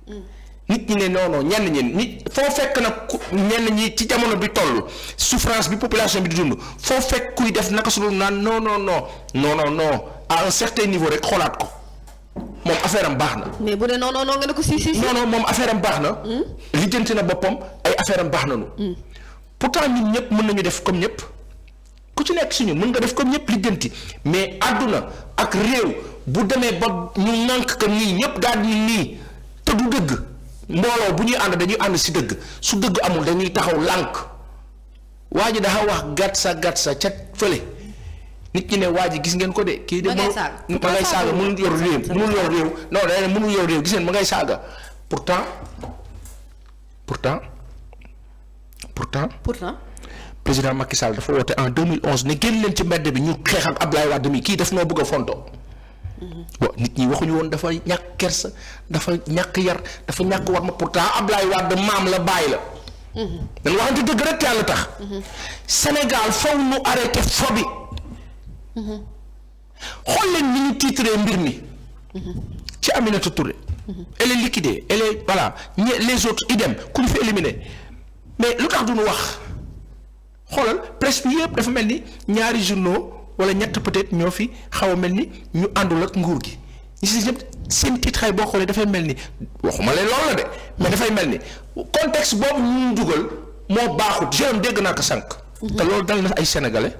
Mm. nit ñi ne noonoo ñenn ñi nit foo fekk nag ñenn ñi ci jamono bi toll souffrance bi population bi di dund foo fekk kuy def naka su dul naan non non non non non non à rek xoolaat ko moom affaire am baax na. mais bu dee non ne ko si si si. non non moom baax na. Hmm? lijjanti na boppam ay affaire am baax nañu. Hmm. pourtant ñun ñëpp mën nañu def comme ñëpp ku ci nekk suñu mën nga def comme ñëpp lijjanti mais àdduna ak réew bu demee ba ñu nànk que nii ñëpp daal di nii te du dëgg. mbooloo bu ñuy ànd dañuy ànd si dëgg su dëgg amul dañuy taxaw lànk waa ji dafa wax gàtt sa gàtt sa ca fële nit ñi ne waa ji gis ngeen ko de. kii de ma ngay saaga ma ngay saaga mënul yor réew mënul yor réew non da ne mënul yor réew gis ngeen ma ngay saaga pour temps pour pourtant. président Macky Sall dafa woote en 2011 ne génn leen ci mbedd bi ñu xeex ak Abdoulaye Wade mi kii daf noo bëgg a fonto waaw nit ñi waxuñu woon dafa ñàkk kersa dafa ñàkk yar dafa ñàkk war ma pourtant Ablaye Wade maam la bàyyi la. dañ waxante dëgg rek yàlla tax. Sénégal faw nu arrêté fo bi. xool leen ni ñu tiitree mbir mi. ci Aminata Touré. elle est liquidée elle est les autres idem ku ñu fi éliminé mais lu tax du ñu wax xoolal presse bi yëpp dafa mel ni ñaari journaux. wala ñett peut-être ñoo fi xaw a mel ni ñu àndul ak nguur gi ñu si ñëpp seen tiitaay boo xoolee dafay mel ni waxuma leen loolu la de mais dafay mel ni contexte boobu ñu dugal moo baaxut jërëm dégg naa ko sànq. Mhm. te loolu dal na ay sénégalais.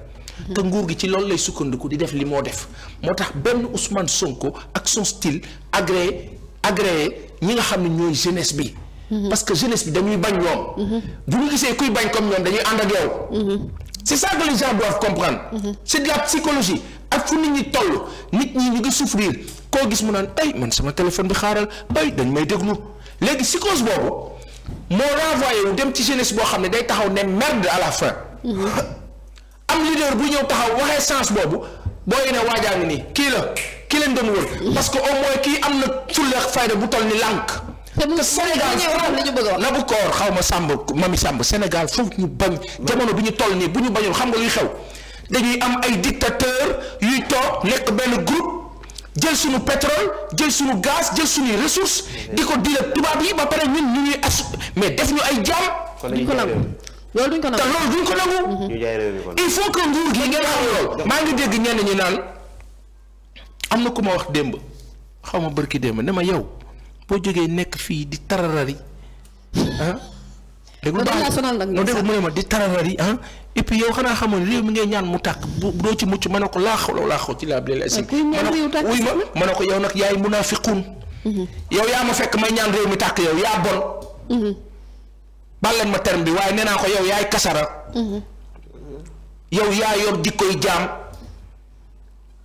te nguur gi ci loolu lay sukkandiku di def li moo def moo tax benn Ousmane Sonko ak son style agréé agréé ñi nga xam ne ñooy jeunesse bi. Mhm. parce que jeunesse bi dañuy bañ ñoom. Mhm. bu ñu gisee kuy bañ comme ñoom dañuy ànd ak c'est ça que les gens doivent comprendre. c'est de la psychologie ak fu nit ñi toll nit ñi ngi souffrir koo gis mu naan ay man sama téléphone bi xaaral ay dañ may déglu léegi psychose boobu moo renvoyé wu dem ci jeunesse boo xam ne day taxaw ne merde à la fin. *laughs* am leader bu ñëw taxaw waxee sens boobu booy ne waajaa ngi nii kii la kii leen doon wër. parce que au moins kii am na fulla ak fayda bu toll ni lànk. te Sénégal Nabou Cor xaw ma sàmb mami sàmb Sénégal foofu ñu bañ jamono bi ñu toll nii bu ñu bañul xam nga luy xew dañuy am ay dictateur yuy toog nekk benn groupe jël suñu pétrole jël suñu gaz jël suñuy ressources di ko dile tubaab yi ba pare ñun ñu ñuy as mais def ñu ay jaam duñ ko nangu ko nangu te loolu duñ ko nangu il faut que nguur gi ngeen xam loolu maa ngi dégg ñenn ñi naan am na ku ma wax démb xaw ma bërki démb ne ma yow boo jógee nekk fii di tararari ah. dégg nga baax mu ne ma di tararari ah et puis yow xanaa xamoon réew mi ngay ñaan mu tàkk bu doo ci mucc ma ne ko laaxuloo laaxu ci laa bi la si. ma ne ko yow nag yaay munaafiqun mm-hmm. yow yaa ma fekk may ñaan réew mi tàkk yow yaa bon. Mm-hmm. baal leen ma terme bi waaye nee naa ko yow yaay kasara. Mm-hmm. yow yaa yor jikkoy jaam.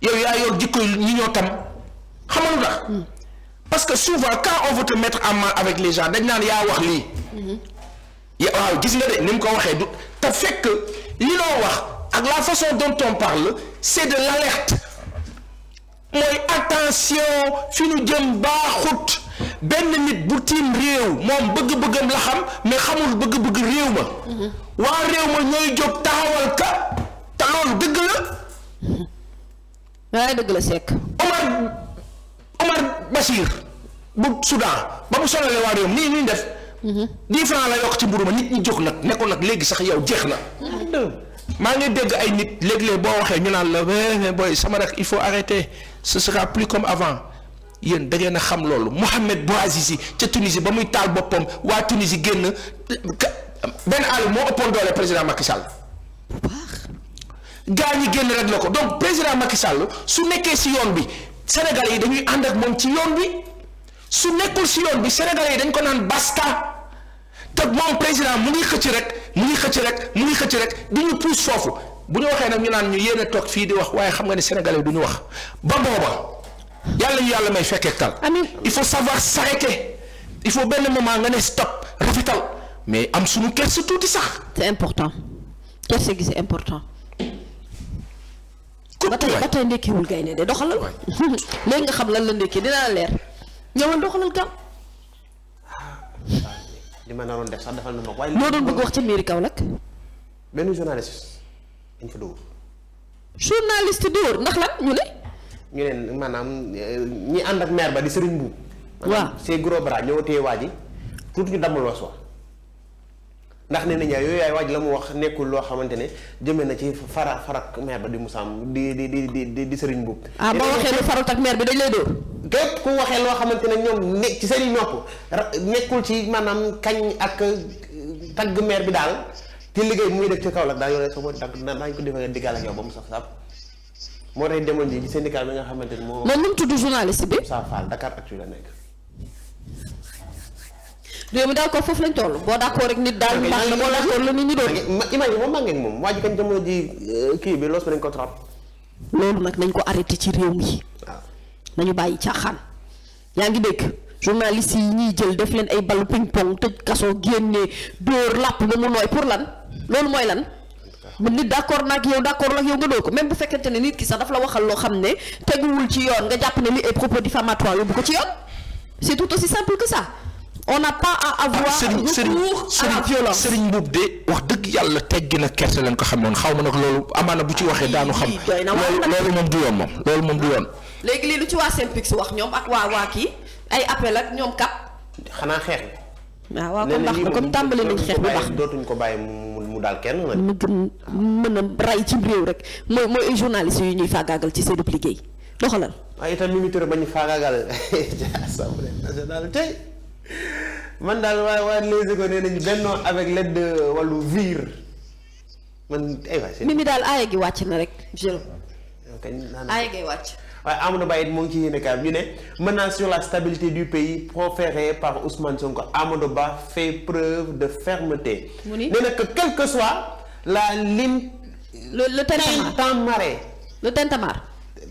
yow yaa yor jikkoy ñi ñoo tam xamal ndax. parce que souvent quand on veut mettre en mal avec les gens dañ naan yaa wax lii. Mm-hmm. waaw gis nga de ni mu ko waxee du te fekk li loo wax ak la façon dont on parle c'est de l'alerte mooy attention fi ñu jëm baaxut benn nit bu tiim réew moom bëgg-bëggam la xam mais xamul bëgg-bëgg réew ma. Mm-hmm. waa réew ma ñooy jóg taxawal ka te dëgg la. *laughs* waaye dëgg la Seck. Omar. Bachir bu Soudan ba mu sonalee waa réew nii ñuy def. 10 mhm. francs la yokk ci mburu ma nit ñi jóg nag nekkoon nag léegi sax yow jeex na. maa ngi dégg ay nit léeg-léeg boo waxee ñu naan la mais eh, eh, booy sama rek il faut arrêter ce sera plus comme avant yéen da ngeen a xam loolu Mohamed Bouazizi ca Tunisie ba muy taal boppam waa Tunisie génn benn àll moo ëppoon doole président Macky Sall. gaa ñi génn rek la ko donc président Macky Sall su nekkee si yoon bi. sénégalais yi dañuy ànd ak moom ci yoon bi su nekkul si yoon bi sénégalais yi dañ ko naan basta te moom président mu ngi xëcc rek mu ngi xëcc rek mu ngi xëcc rek di ñu pousse foofu bu ñu waxee nag ñu naan ñu yéen a toog fii di wax waaye xam nga ne sénégalais du ñu wax ba booba yàlla yu yàlla may fekkee tal. amiin il faut savoir s'arrêter il faut benn moment nga ne stop rafetal mais am su mu kersa tuuti sax. c'est important kersa gi c'est important. ba tey ba tey ndekkiwul gaynde de doxalal *laughs* léegi nga xam lan la ndekki dina la leer ñëwal doxalal gaaw ah, li ma naroon def sax defal na ma waaye loo doon bëgg wax ci mairie Kaolack benn journaliste dañ fa dóor journaliste dóor ndax lan ñu ne ñu ne maanaam eh, ñi ànd ak maire ba di Serigne Mbu waaw c'est gros bras ñëw téye waa ji tuuti ñu dammul was wa ndax nee nañ yooyu yaay waaj la mu wax nekkul loo xamante ne jëmee na ci fara farak maire ba di mu di di di di di Serigne Mboup. ah boo waxee lu farut ak maire bi dañ lay dóor. képp ku waxee loo xamante ne ñoom ne ci seen i nopp nekkul ci maanaam kañ ak tagg maire bi daal ci liggéey muy def ci kaw la daa yore sa bopp daañu ko defee diggaal ak yow ba mu sax saab moo tax demoon ji ci syndicat bi nga xamante ne moo. moom nu mu tudd journaliste bi. Moussa Fall Dakar réew mi daal ko foofu lañ toll boo d'accord rek nit daal mbàng boo d'accord la nit ñi doon imagine moom màngee moom waa ji euh, ko trop loolu nag nañ ko arrêté ci réew mi ah. nañu bàyyi caaxaan yaa ngi dégg journaliste yi ñuy jël def leen ay ballu ping pong tëj kaso génne dóor làpp ba mu nooy pour lan loolu mooy lan mu nit d'accord nag yow d'accord la yow nga dóor ko même bu fekkente ne nit ki sax daf la waxal loo xam ne teguwul ci yoon nga jàpp ne li ay propos diffamatoires yóbbu ko ci yoon c'est tout aussi simple que ça on n'a pas à avoir recours à la de wax dëgg yàlla teggi na kersa leen ko xamoon xaw ma nag loolu amaana bu ci waxee daanu xam loolu loolu moom du yoon moom loolu moom du yoon léegi lii lu ci waa Synpics wax ñoom ak waa waa kii ay appel ak ñoom kat xanaa xeex bi ah, waaw waaw comme baax na comme tàmbali nañ xeex bu baax dootuñ ko bàyyi mu daal kenn nag mu gën mën a rey ci réew rek mooy mooy journaliste yu ñuy faagaagal ci seen liggéey doxalal waaye itam Mimi Touré bañu faagaagal *laughs* assemblée man daal waaye waaye Les Échos nee nañu bennoo avec l'aide de wàllu vire man daal aaya gi wàcc na rek aaya gi wàcc. waaye Amadou Ba it moo ngi ci yéen a ñu ne menace sur la stabilité du pays proférée par Ousmane Sonko Amadou Ba fait preuve de fermeté. mu ni nee na que soit la ligne. le le tintamarre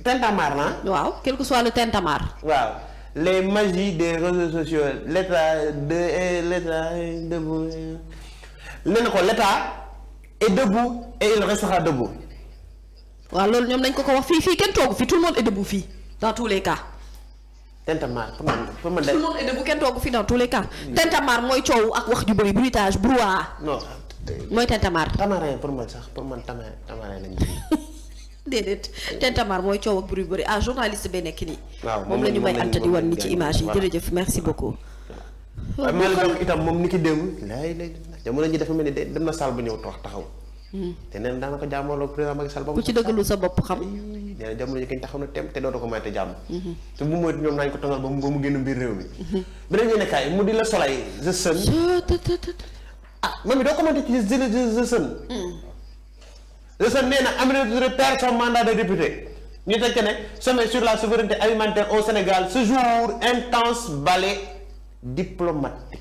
tintamarre. le waaw quel soit le tintamarre. waaw. le magies des réseaux sociaux l'état de l'état est debout nee na ko l'état est debout et il restera waaw loolu ñoom dañ ko ko wax fii fii kenn toogu fi tout le monde fii dans tous les cas. tentamar pour man pour kenn toogu fii dans tous les cas. tentamar mooy coow ak wax ju bëri bruitage brouhaha. non mooy tentamar. tamarin pour man sax pour man tamarin tamarin lañ *laughs* déedéet tentamar mooy coow ak bruit bëri ah journaliste bee nekk nii. waaw moom la may Anta di wan ni ci image yi jërëjëf merci beaucoup. waaw donc itam moom ni ki démb ji dafa mel ni de dem na saal bu ñëw taxaw. Hmm. te neen daanaka jàmmaloo président Macky Sall ba mu. ci dëggalul sa bopp xam. nee na ji kañ taxaw na tem te dootu ko mayte jàmm. Hmm. te bu moytu ñoom nañ ko tongal ba mu génn mbir réew mi. Hmm. beneen yéen a mu di la Soleil je sën. ah mami doo commenté le son nee na Aminata Touré perd son mandat de député ñu tekk ne sommet sur la souveraineté alimentaire au Sénégal ce jour intense balai diplomatique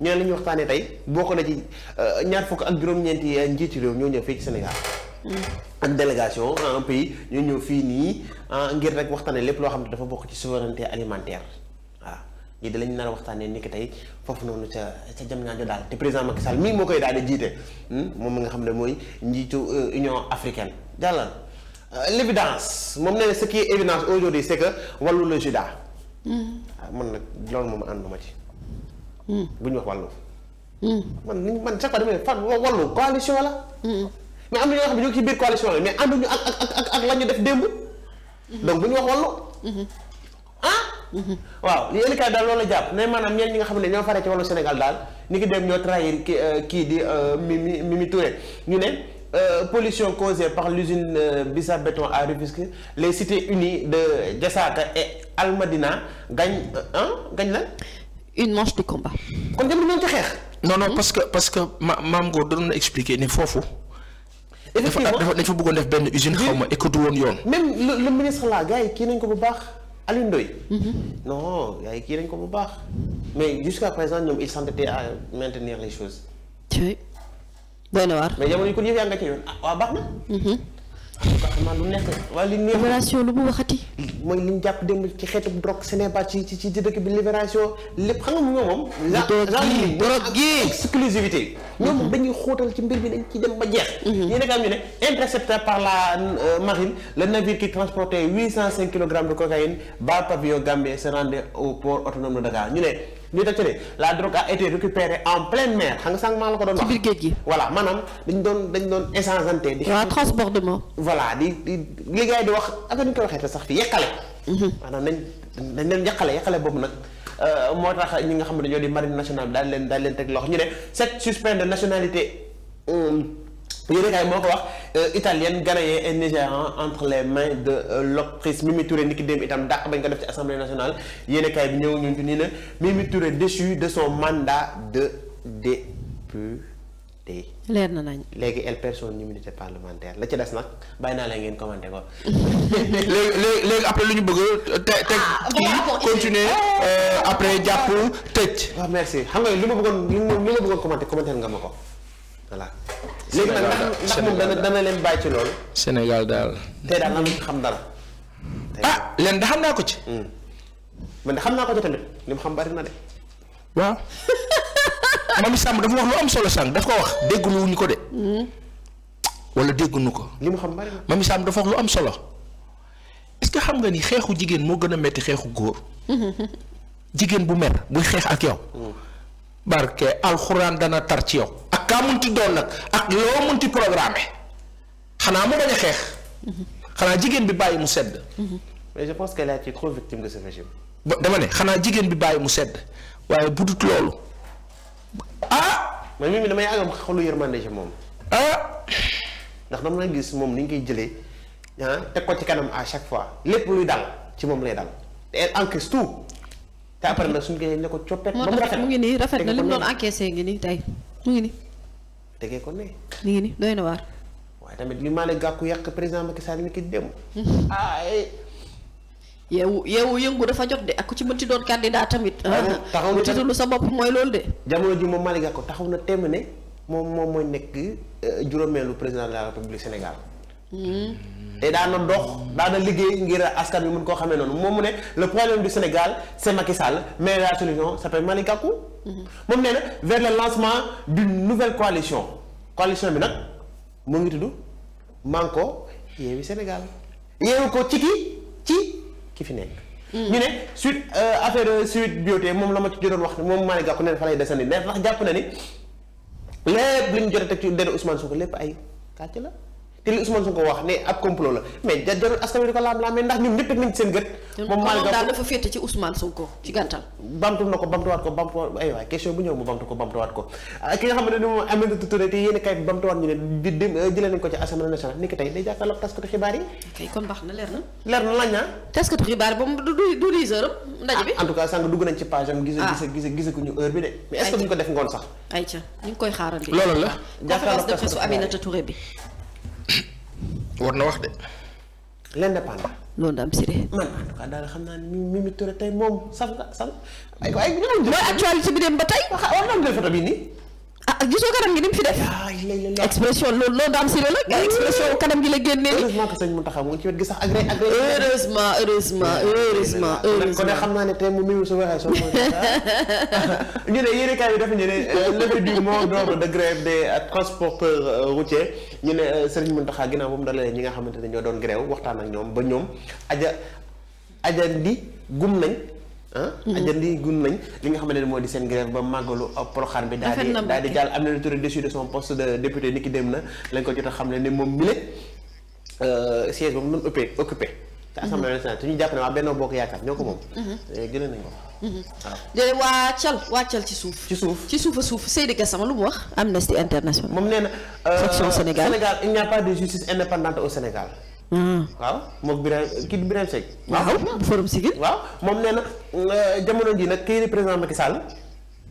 ñu ne la ñuy waxtaanee tey bokk na ci euh, ñaar fukk ak juróom-ñeenti njiitu réew ñoo ñëw fii ci Sénégal. Mm. ak délégation en pays ñoo ñëw fii nii euh, ngir rek waxtaanee lépp loo xam ne dafa bokk ci souveraineté alimentaire. lii da lañu nar a waxtaanee ni ki tey foofu noonu ca ca jam ñaajo daal te président Macky Sall mii moo koy daal di jiite hmm? moom mi nga xam ne mooy njiitu euh, Union africaine jàllal euh, l'évidence moom nee na ce qui est évidence la juda hmm. ah man nag loolu moom ànduma ci hmm. bu ñu wax wàllu man ni man chaque fois damay fa wàllu coalition la mais am na ñoo xam ne ñu ngi biir coalition la mais ànduñu ak ak ak ak la def démb donc bu ñu wax wàllu ah waaw yéen kaay daal loolu la jàpp ne maanaam ñeen ñi nga xam ne ñoo faree ci wàllu Sénégal daal ni ki dem ñoo trahir euh, kii di euh, Mimi Mimi Touré ñu ne Euh, pollution causée par l'usine euh, Bissap Béton à Rufisque les cités unies de Diasaka et Almadina gagnent ah gagnent lan. une manche de combat. kon dem nañu ci xeex. non parce que parce que ma maam Ngor doon na expliquer ni foofu. effectivement dafa dafa bëggoon def benn usine. xaw ma écoutu woon yoon. même le, le ministre là gars yi kii nañ ko bu baax. Alioune Ndoye mm-hmm. non gars kii nañ ko bu baax mais jusqu'à présent ñoom ils s'entêtaient à uh, maintenir les choses doy na waar mais jamono ñu ko yëf yaa nga ci yoon ah waa baax na département lu nekk waa li libération lu mu waxati mooy li jàpp dem ci xeetu drogue Sénégal ci ci ci dëkk bi libération lépp xam nga ñoom moom li drogue gi exclusivité ñoom mhm. dañuy xóotal ci mbir bi nañ ci dem ba jeex ñi mhm. nekk am ñu ne intercepté par la euh, marine le navire qui transportait huit cent cinq kilogrammes de cocaïne ba pavillon Gambie se rendait au autonome de Dakar ñu ne ñu teg ci ne la drogue a été récupérée en pleine mer xam nga la ko doon wax. ci biir géej gi voilà maanaam dañ doon dañ doon échangeante. di waaw transbordement. voilà di di li di wax ak ñu koy waxee sax fi yekkale. Mhm. maanaam nañ dañ leen yekkale yekkale boobu nag. Euh, moo tax ñi nga xam ne ñoo di marine nationale daal leen daal leen teg loxo ñu ne cette suspens nationalité. yéen kay moo ko wax euh, italien ghanéen et nigérian entre les mains de euh, l'opprice Mimi Touré ni ki itam dàq bañ ko def ci assemblée nationale yéen kay bi ñëw ñun fi nii na Mimi Touré déchu de son mandat de député. leer na nañ léegi elle perd son immunité parlementaire la ci des nag bàyyi naa la ngeen commenté ko. léegi *laughs* léegi léegi après lu ñu bëgg te teg ah, continuer euh, après jàpp tëj. waaw merci xam nga li ma bëggoon li ma bëggoon commenté commenté nga ma ko voilà. léegi nag ndax moom dana leen bàyyi ci loolu. Sénégal daal. tey daal am ci xam dara. ah leen da xam naa ko ci. Hmm. man de xam naa ko ci tamit li mu xam bari na de. waaw. *laughs* Mamy dafa wax lu am solo sànq daf ko wax dégguñu wuñu ko de. Hmm. wala dégguñu ko. li mu xam bari dafa wax lu am solo. est-ce que xam nga ni xeexu jigéen moo gën a metti xeexu góor. *laughs* jigéen bu mer buy xeex ak yow. Hmm. barke alxuraan dana tar ci yow. kaa munti doon nag ak loo munti programmé xanaa mu bañ a xeex. xanaa jigéen bi bàyyi mu sedd. mais je pense qu'elle a ci trop victime de ce régime. dama ne xanaa jigéen bi bàyyi mu sedd waaye budut loolu ah. mais mimi damay àggam xolu yërmande ci moom. ah. ndax dama la gis moom ni ñu koy jëlee ah teg ko ci kanam à chaque fois lépp luy dal ci moom lay dal te elle encaisse tout te après nag suñu koy ne ko coppet. ba mu rafet moo tax mu ngi nii rafet na li mu doon tegee ko ne. li ngeen ni doy na waar. waaye tamit li Malick Gakou yàq président Macky Sall ni ki dem. yow yow yëngu dafa jot de ak ku ci mënti doon daa tamit. Ah, taxaw na tamit *laughs* lu sa bopp mooy loolu de. jamono ji moom Malick Gakou taxaw na temm ne moom moom mooy nekk euh, juróomeelu président de la république Sénégal. Hmm. te daana dox daana liggéey ngir askan bi mën koo xamee noonu moom mu ne le problème du Sénégal c'est ki Sall mais la solution s'appelle Malick Gakou moom nee na vers le lancement d'une nouvelle coalition coalition bi nag mu ngi tudd Manko Yewwi Sénégal yeewu ko ci ki ci ki fi nekk hmm. ñu ne suite euh, affaire suite bioté moom la ma ci jotoon wax moom Malick Gakou nee na fa lay desandi ne ndax jàpp na ni lépp li ñu jot a teg ci deru Ousmane lépp ay kàcc la te li Ousmane Sonko wax ne ab complot la mais ja jarul askan di ko laam-laamee ndax ñun ñëpp nañ seen gët. moom Malick daal dafa féete ci Ousmane Sonko ci gàntal. bamtu na ko bamtuwaat ko bamtuwaat ko bamtuwaat ko bamtuwaat ko ah, euh, kon baax na leer na. leer na lañ naa. Ah. taskatu xibaar ba mu du du du ndaje bi. Ah, en tout cas sànq dugg nañ ci page am. ah gis gis gisaguñu heure bi de. mais est-ce que duñ ko def ngoon sax. ayca ñu ngi koy xaarandi. loolu war na wax de. l'indépendant. loolu daal si de. man en tout daal xam naa ne Mimi Touré tey moom saf nga saf. aywa aywa ñu ngi actualité bi dem ba tey. wax wax na am photo bi nii. ah gisoo kanam gi ni mu fi def. expression loolu loolu daam si la la. expression kanam gi la génne heureusement que sëñ Mountakha mu ma ci wet gi sax agréé agréé. heureusement heureusement xam naa ne tey mu nuyu su waxee soo *laughs* ñu ne yéen kaay bi dafa ñu ne euh, levée du mot d'ordre de grève des euh, transporteurs euh, routiers ñu ne Serigne Mountakha ginnaaw ba mu dalalee ñi nga xamante ne ñoo doon grève waxtaan ak ñoom ba ñoom aja aja di gum nañ. ah. ajandi gun nañ li nga xamante ne moo di seen grève ba màggalu poroxaan bi. daal di daal di jàll am na lu turee déchu de son poste de député niki dem na lañ ko jot a xam ne ne moom mile euh, siège ba mu doon occupé occupé. te mm-hmm. assemblée nationale te ñu jàpp ne waa Benno Bokk Yaakaar ñoo ko moom. jëlee mm-hmm. eh, nañ suuf. ci suuf ci suuf a suuf Seydi Gassama lu moom nee na. Euh, section Sénégal Sénégal a pas de justice indépendante au Sénégal. Mm-hmm. waaw moom Birame kii Birame Seck. waaw moom nee na jamono ji nag kii di président Macky Sall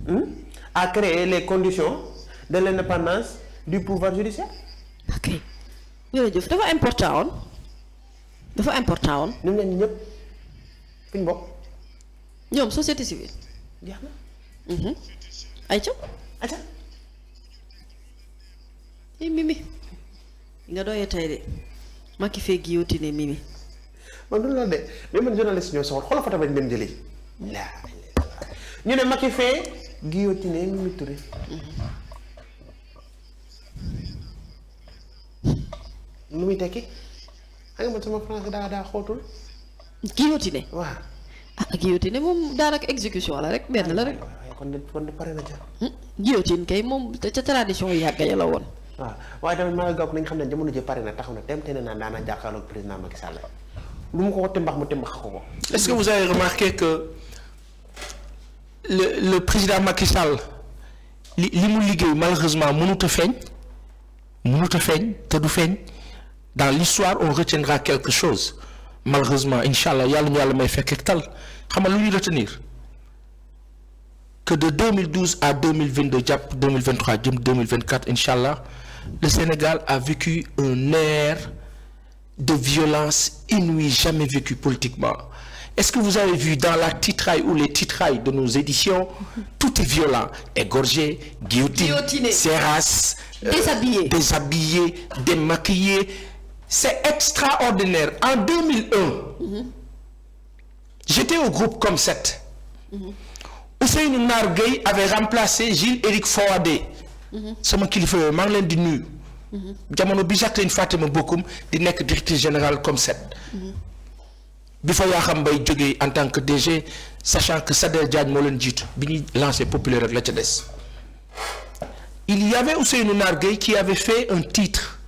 hmm, a créé les conditions de l' indépendance du pouvoir judiciaire. ok jërëjëf dafa important woon important woon. ñun ñëpp fi mm-hmm. de. makki fee guillotiné Mimi. man du loolu de mais man journaliste ñoo soxla xoolal fa tamit dem ñu ne makki fee guillotiné Mimi Touré. lu mhm. muy tekki xam nga man sama français daa daa xóotul. guillotiné waaw. ah guillotine moom daanaka exécution la rek benn la rek. kon kon pare na ca. Hmm? guillotine kay moom ca tradition yàgg ya la woon. waaw waaye tamit maa ngi gàpp nañ xam ne jamono ji pare na taxaw na tem te ne naan daanaa jàkkaarloog président Macky lu mu ko timbax mu timbax ko ko. est-ce que vous avez remarqué que le le président Macky Sall li li mu liggéey malheureusement mënut a feeñ mënut a feeñ te du feeñ dans l'histoire on retiendra quelque chose malheureusement incha allah yàlla ñu yàlla may fekk ak tal xam nga lu ñuy retenir que de 2012 à 2022 jàpp 2023 jëm 2024 incha allah. le Sénégal a vécu un air de violence inouïe, jamais vécu politiquement. Est-ce que vous avez vu dans la titraille ou les titrailles de nos éditions, tout est violent, égorgé, guillotiné, guillotiné. serrasse, euh, déshabillé. déshabillé, démaquillé. C'est extraordinaire. En j'étais au groupe comme mm-hmm. 7. Hussein Narguey avait remplacé Gilles-Éric Fouadé sama kilifa yooyu maa ngi leen di nuyu. jamono bi fàtte ma Bokoum di nekk directrice générale COMCET. bi fa yaa xam bay jógee en tant que DG sachant sa Sader Diagne moo leen jiitu bi ñuy lancé populaire rek la ca des. il y avait Ousseynou Nar Gueye qui avait fait un titre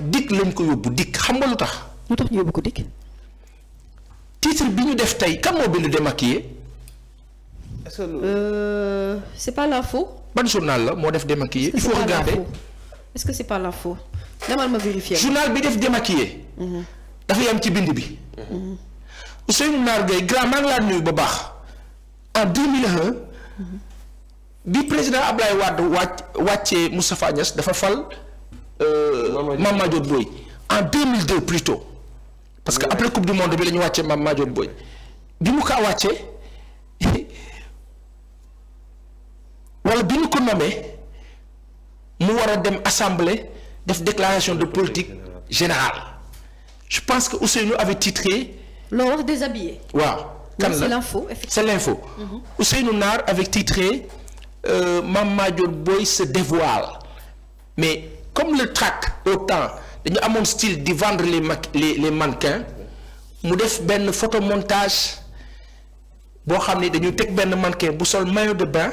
dikk lañ ko yóbbu dikk xam nga lu tax. lu tax ñu yóbbu ko dikk. titre bi ñu def tey kan moo bind dem est-ce que euh, c'est pas ban journal la moo def démaquillé. il faut regarder ce que c'est pas la faux demal ma vérifier. journal bi def démaquillé. Mhm. dafa yam ci bind bi. Mhm. Ousseynou Naar Gueye grand maa ngi laa nuyu ba baax en 2001 mhm. bi président Ablaye Wade wàcc wàccee Moustapha Niass dafa fal. Euh, Mame Madior Boye en 2002 plutôt parce que après coupe du monde bi la ñu wàccee Mame Madior Boye bi mu ko wàccee *laughs* wala bi ñu ko nommé mu war a dem assemblée def déclaration de politique générale je pense que Ousseynou avait titré. loo wax déshabillé. waaw kan la c'est l'info effectivement c'est mhm. Naar avait titré euh, Mame Madior Boye se dévoile mais comme le trac autant dañu amoon style di vendre les ma les les mannequins mu def benn photomontage boo xam ne dañu teg benn mannequin bu sol maillot de bain.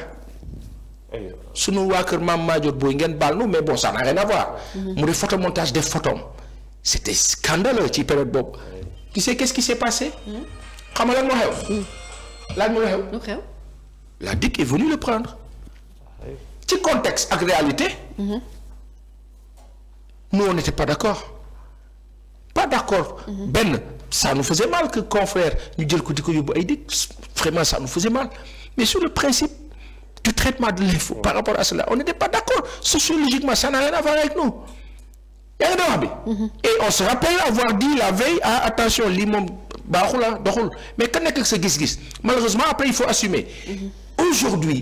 sunu waa kër maam Maajoor booy ngeen baal nu mais bon ça n'a rien à voir. Mhm. mu def photomontage def photom c'était scandaleux ci période boobu. tu sais qu'est-ce qui s'est passé. Hmm? xam nga lan moo xew. Hmm. la DIC est venue le prendre. ci contexte ak réalité. Mhm. nous on n'était pas d'accord. pas d'accord. Mhm. benn ça nous faisait mal que confrère ñu jël ko di ko yóbbu ay DIC vraiment ça nous faisait mal mais sur le principe. du traitement de l'info par rapport à cela on n'était pas d'accord sociologiquement ça n'a rien à avec nous mm-hmm. on se rappelle avoir dit la veille ah attention lii moom baaxul la ah, doxul mais ka nekk ak sa gis-gis malheureusement après il faut assumer mm-hmm. aujourd'hui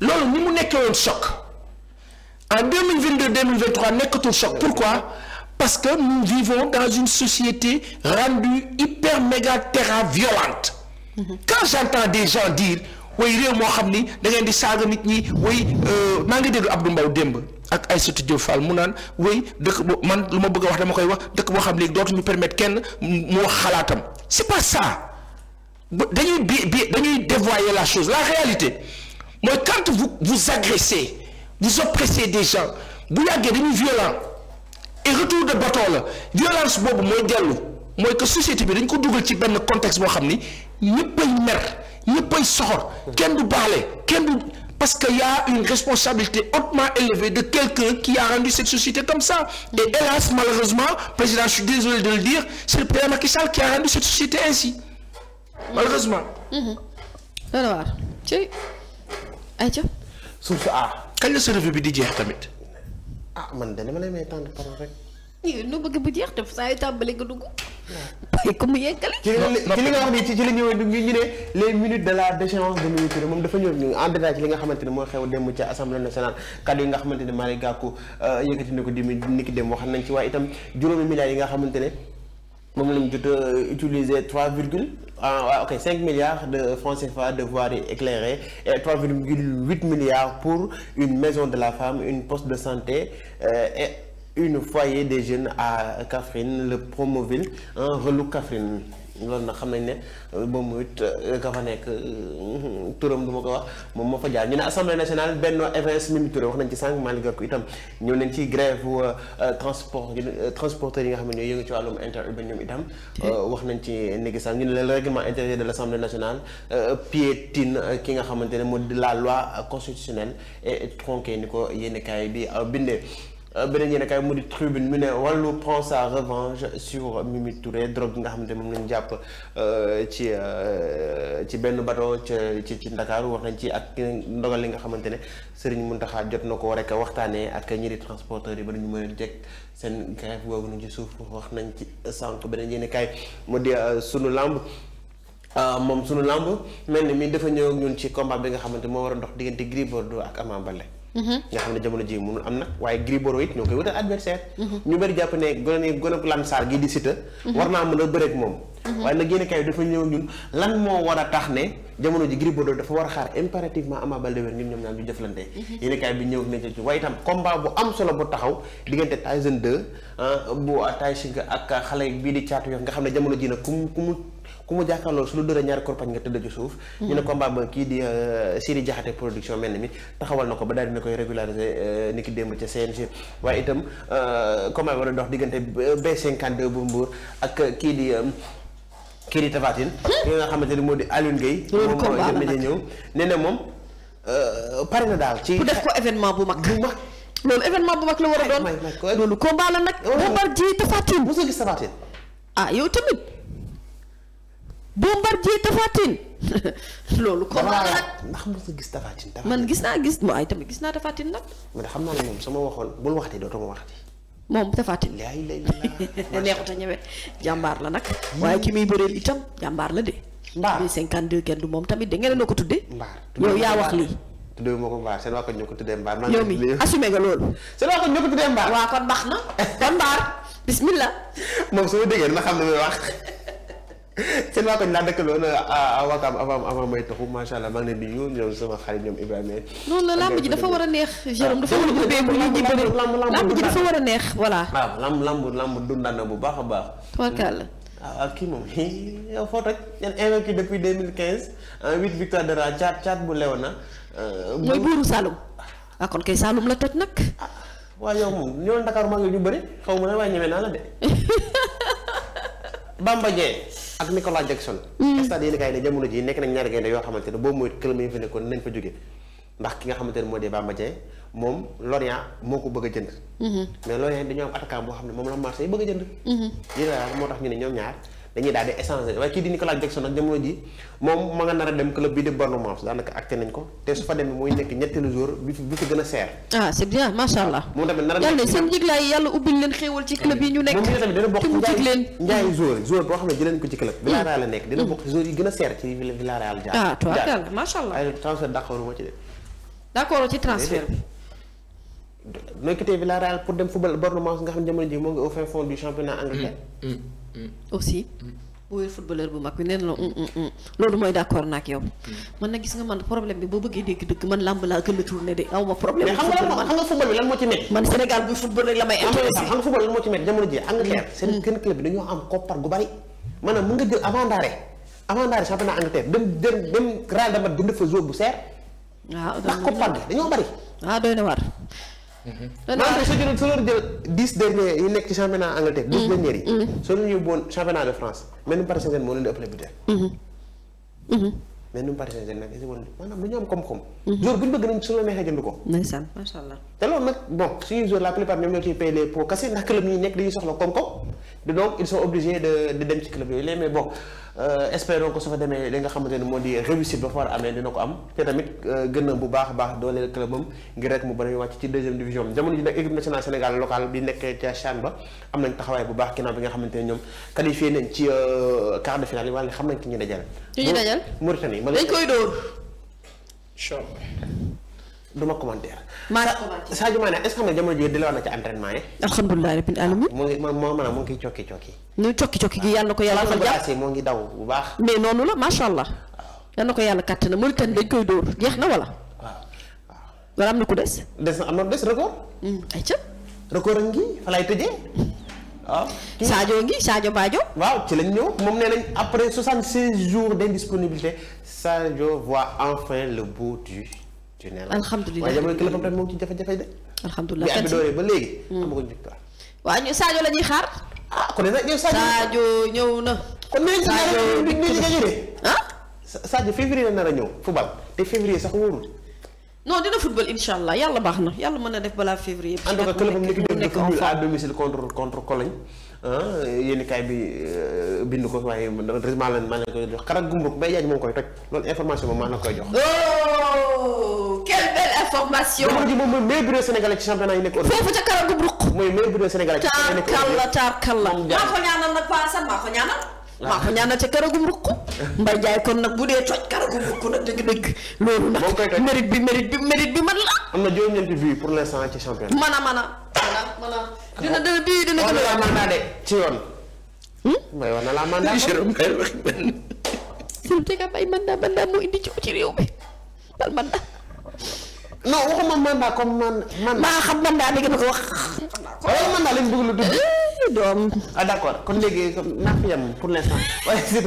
loolu ni mu nekkee woon choc en 2022 2023 nekkatul choc pourquoi parce que nous vivons dans une société rendue hyper violente mm-hmm. quand j'entends des gens dire way réew moo xam ni da ngeen di saaga nit ñi way euh, maa ngi déglu Abdou Mbow démb ak Aïssatou Diop Fall mu naan way dëkk bo man lu ma bëgg a wax dama koy wax dëkk boo xam léegi dootuñu permettre kenn mu wax xalaatam c'est pas ça dañuy bi bi dañuy dévoyer la chose la réalité mooy quand vous vous agressez vous oppressez des gens bu yàggee dañuy violent et retour de bâton la violence boobu mooy dellu mooy que société bi dañ ko dugal ci benn contexte boo xam ni ñëpp ay mer. ñëppay soxor kenn du kenn du parce qu'il y a une responsabilité hautement élevée de quelqu'un qui a rendu cette société comme ça et hélas malheureusement président je suis désolé de le dire c'est le président qui a rendu cette société ainsi malheureusement. alors ci ayca. suuf ah. kañ la sa revue bi di jeex tamit. ah man de dama lay may temps de parole rek. yooyu noo bëgg bu jeex te saa yu tàmbali nga dugg. waaw ku mu yeggali. ci li nga la déchéance de moom dafa ñëw ñu en détail ci li nga xamante ne mooy xew démb ci assemblée nationale kàddu yi nga xamante ne Malick Gakou euh, yëkkati na ko dimi ni ki dem wax nañ ci waaye itam juróomi milliards yi nga xamante ne moom lañ jot utiliser 3 virgule. ah ok 5 milliards de francs CFA de voirie éclairée et 3,8 milliards pour une maison de la femme une poste de santé euh, une foyer des jeunes à Kaffrine le Promoville relu Kaffrine loolu nag xam nañ ne euh, mu it euh, ka fa nekk euh, turam du ma ko wax moom moo fa jaar ñu ne assemblée nationale Benno Events Mimi Touré wax nañ ci sànq Malick Gakou itam ñëw nañ ci grève transport transporteurs yi nga xam ne ñooy yëngu ci wàllum interurbain ñoom itam eh. wax nañ ci néegi sànq ñu ne le règlement intérieur de l' assemblée nationale piétine ki nga xamante ne moo di la loi constitutionnelle et tronqué ni ko yénni kaay bi Euh, beneen yéen a kaay mu di tribune mu ne wàllu prend sa revanche sur Mimi Touré drogue bi nga xamante moom lañ jàpp euh, ci euh, ci benn bato ci ci Ndakaaru wax nañ ci ak ndogal li nga xamante ne Serigne Mountakha jot na ko rek waxtaanee ak ñi yi ba ñu mën jeg seen grève googu nu ci suuf wax nañ ci sànq beneen yéen a kaay mu di sunu làmb moom sunu làmb mel ni mi dafa ñëw ak ñun ci combat bi nga xamante moo war a dox diggante Gris Bordeaux ak Ama Baldé Mm-hmm. nga xam ne jamono ji mënul am nag waaye Gris Bordeaux it ñoo koy wutal adversaire mm-hmm. ñu bëri jàpp ne gone gone ak gi di Siteu mm-hmm. war naa mën a bëreek moom waaye nag yéen kaay dafa ñëw ñun lan moo war a tax ne jamono ji Gris dafa war a xaar impérativement Ama Baldé wér ñun ñoom ñaan ñu jëflante yéen kaay bi ñëw nañ ci waaye itam combat bu am solo bu taxaw diggante Tyson 2 ah, bu Tay Shinger ak xale bii di caatu yox nga xam ne jamono ji nag ku mu ku mu ku mu jàkkaarloo su lu dóoree ñaari korpañ nga tëdd ci suuf ñu ne combat ba kii di Siri Jaxate production mel ni mi taxawal na ko ba daal dina koy régulariser ni ki démb seen CNG waaye itam combat war dox diggante B52 bu Mbour ak kii di kii di Tapha Tine ki xamante ni moo di Alioune Gueye moom na moom pare na daal ci. bu def ko événement bu mag bu mag loolu événement bu mag la war a doon loolu combat la nag Bombardier Tapha gis Tapha ah yow tamit Bombardier Tapha Tine *laughs* loolu. ko la ndax mos a gis Tapha Tine. man gis naa gis waaye tamit gis naa Tapha Tine nag. man xam naa ne moom sama waxoon bul waxati dootuma waxati. moom Tapha Tine. yaay *laughs* a ñëwee jàmbaar la nag. waaye ki muy bëreel itam jàmbaar la de. mbaar bi 52 moom tamit da ngeen a ko tuddee. mbaar yow yaa wax lii. tuddee moo ko mbaar seen waa ko ñoo ko tuddee mbaar. man yow mi assumé nga loolu. seen waa ko ñoo ko tuddee mbaar. waaw kon baax na kon mbaar bismillah. moom su ma déggee xam ne muy wax. seen *laughs* waa ko ñu laa dëkkaloo na awakaam ah, ah, avant avant may taxu macha allah maa ngi leen di ñoom sama xarit ñoom Ibrahima. noonu la ji dafa war a neex. Jérôme ah, dafa war a ubbeeku nit a neex voilà. waaw bu baax a baax. Mm. kii moom yow foo toj yan invaincu depuis 2015 huit victoire de rang caat caat bu na. mooy buuru Saloum. ah kon kay Saloum la toj nag. waaw ñoom Dakar maa ngi ñu bëri xaw ma ne waaye ñeme naa la de. *laughs* Bamba Dieng ak Nicolas Jackson. Mm. stade yéen a kaay ne jamono jii nekk nañ ñaari gaynde yoo xamante ne boo mooy këram yi fa nekkoon nañ fa jóge ndax ki nga xamante ne moo dee Bamba Dieng moom Lorient moo ko bëgg a jënd. Mm-hmm. mais Lorient dañoo am attaquant boo xam ne moom la Marseille bëgg a jënd. lii mm-hmm. daal moo tax ñu ne ñoom ñaar. dañuy daal di échanger waaye kii di Nicolas Jackson nag jamono ji moom ma nga nar dem club bi de Bournemouth daanaka acté nañ ko te su fa demee mooy nekk ñetteelu jour bi fi bi gën a seer. ah c'est bien macha allah. moom tamit nar a nekk seen jiglaay jour jour boo xam ne jëleen ko ci club. Mm. Villarreal la nekk dina mm. bokk jour yi gën a seer ci Villarreal jaar. ah toi daal ci de. d'accord ci transfert bi. nooy quitté Villarreal pour dem football Bournemouth Mm. aussi. Mm. booyul footballeur bu mag bi nee na la mm, loolu mooy d'accord na ak yow. man na gis nga man problème bi boo bëggee dégg dëgg man làmb laa gën a de aw problème. mais xam nga football bi lan moo ci nekk. man Sénégal buy football rek la may. intéressé xam nga football lan moo ci nekk jamono jii Angleterre. seen gën club bi dañoo am koppar gu bari. maanaam mu nga jël avant d'arrêt avant d'arrêt championnat Angleterre dem dem dem Real de Madrid jënd fa joueur bu seer. waaw ah, ndax koppar gi dañoo bari. ah doy Mm-hmm. maanaam soo jël soo leen jël dix yi nekk ci championnat Angleterre. dix mm-hmm. derniers yi. Mm-hmm. soo leen yóbbuwoon championnat de France mel ni Paris Saint-Germain moo leen di ëppale buteur. mel ni Paris Saint-Germain nag maanaam dañoo am koom-koom. jour bu ñu bëgg nañ su la neexee jënd ko. ndeysaan macha allah. te loolu nag bon suñuy joueurs la plupart ñoom ñoo ciy paye les pots cassés ndax club yi nekk dañuy soxla koom-koom donc ils sont obligés de de dem ci club yooyu léegi mais bon euh, espérons que su fa demee li nga xamante ne moo di réussite ba tamit euh, gën na bu baax a baax dooleel clubam ngir rek mu bëri ci deuxième division bi jamono ji nag équipe nationale Sénégal locale bi nekkee ca CHAN ne ñoom qualifié nañ ci euh, quart de yi wala xam nañ ki ñu dajal. ki ñu dajal Mauritanie. dañ koy dóor. du ma commentaire. maa ngi commentaire Sadio Mané est-ce que xam nga jamono jii delloo na ci entraînement yi. alhamdulilah rabbil ah, alamin. mu ngi moom moo maanaam mu ngi cokki cokki. ñu cokki cokki gi yàlla na ko yàlla. defal jàpp moo ngi daw bu baax. mais noonu la macha allah. yàlla na ko yàlla kàtt na Mauritanie dañ koy dóor jeex na wala. waaw wala am na ku des. des na am na des record. Hmm, ca record a ngi fa lay tëjee. waaw *laughs* Sadio ngi Sadio Badio. waaw ci lañ ñëw moom nee nañ après 76 jours d'indisponibilité Sadio voit enfin le bout ci ne la alhamdulilah waaye jamono club am moom ci jafe-jafe de. alhamdulilah bi dooree ba léegi. Hmm. amaguñ victoire. waa ñu Sadio la ñuy ah, na. Ah? a ñëw football te février sax wóorul. non dina football incha allah yàlla baax na yàlla mën na def balaa février. en tout cas club am nekk nekk en à domicile ah, bi euh, bind ko waaye heureusement maa leen koy jox xaral gumbuk bay jaaj moom koy toj loolu information moom maa la koy jox. Oh! quelle belle information. jamono ji moom mooy meilleur bureau sénégalais ci championnat yi nekk Europe. foofu ca Kara Goubrou. mooy meilleur bureau sénégalais ci championnat yi nekk Europe taarkalla taarkalla. maa ko ñaanal nag waa Assane maa ko ñaanal. Ah. maa ko ñaanal ca Kara Goubrou. Mbaye Ndiaye kon nag bu dee toj Kara Goubrou nag dëgg-dëgg. loolu nag mérite bi mérite bi mérite bi man la. am na juróom-ñeenti vues pour l'instant ci championnat. mana mana. mana mana dina dina bii dina gën a. mandat de ci yoon. Mbaye war na laa mandat. Jérôme Mbaye wax benn. Jérôme Mbaye mandat mandat moo indi ci réew mi bal mandat non waxuma mandat comme man. man maa xam mandat bi nga ko wax. wala mandat lañ bëgg lu dugg. doom ah d'accord kon léegi naa fi yem pour na waaye si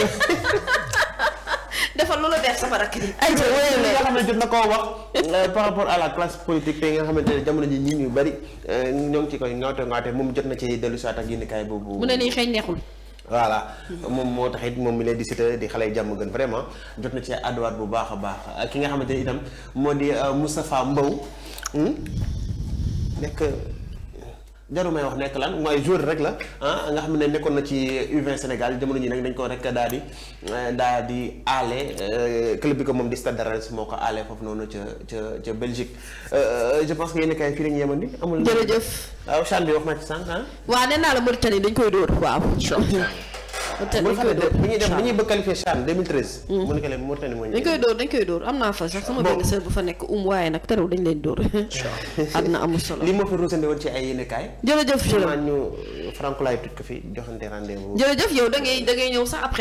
*laughs* dafa lu la def sama rakk yi. ay li nga xam ne jot na koo wax. Euh, par rapport à la classe politique te nga xamante ne jamono ji ñi ñu bari euh, ñoo ngi ci koy ngawte ngawte moom jot na ci dellu si waat ak yéen kaay boobu. mu ne nii xeeñ neexul. voilà moom moo tax it moom mi lay di sita di xale jàmm gën vraiment jot na ci àdduwaat bu baax a baax ki nga xamante ni itam moo di euh, Moustapha Mbow hmm? nekk jarul may wax nekk lan mooy joueur rek la ah, nga xam ne nekkoon na ci U20 Sénégal jamono ji nag dañ ko rek daal di eh, daal di aale eh, club bi ko moom di Stade Rennes moo ko aale foofu noonu ca ca ca Belgique euh, euh, je pense que yéen kay fii la ñu yemandi. amul jërëjëf waaw Chan bi wax na ci sànq ah. waaw nee naa la Mauritanie dañ koy dóor waaw. dañ koy dóor bi ñuy dem bi ñuy bëgg qualifier CHAN 2013. mu ne leen Mauritanie moo dañ koy dóor dañ koy dóor am naa fa sax sama benn sœur bu fa nekk um waaye nag terewul dañ leen dóor. *laughs* àdduna amul solo. li moo fi ruusande woon ci ay yéenekaay. jërëjëf jërëjëf ñu Franck laay tudd ko fi joxante rendez-vous. jërëjëf yow da ngay da ngay ñëw sax après.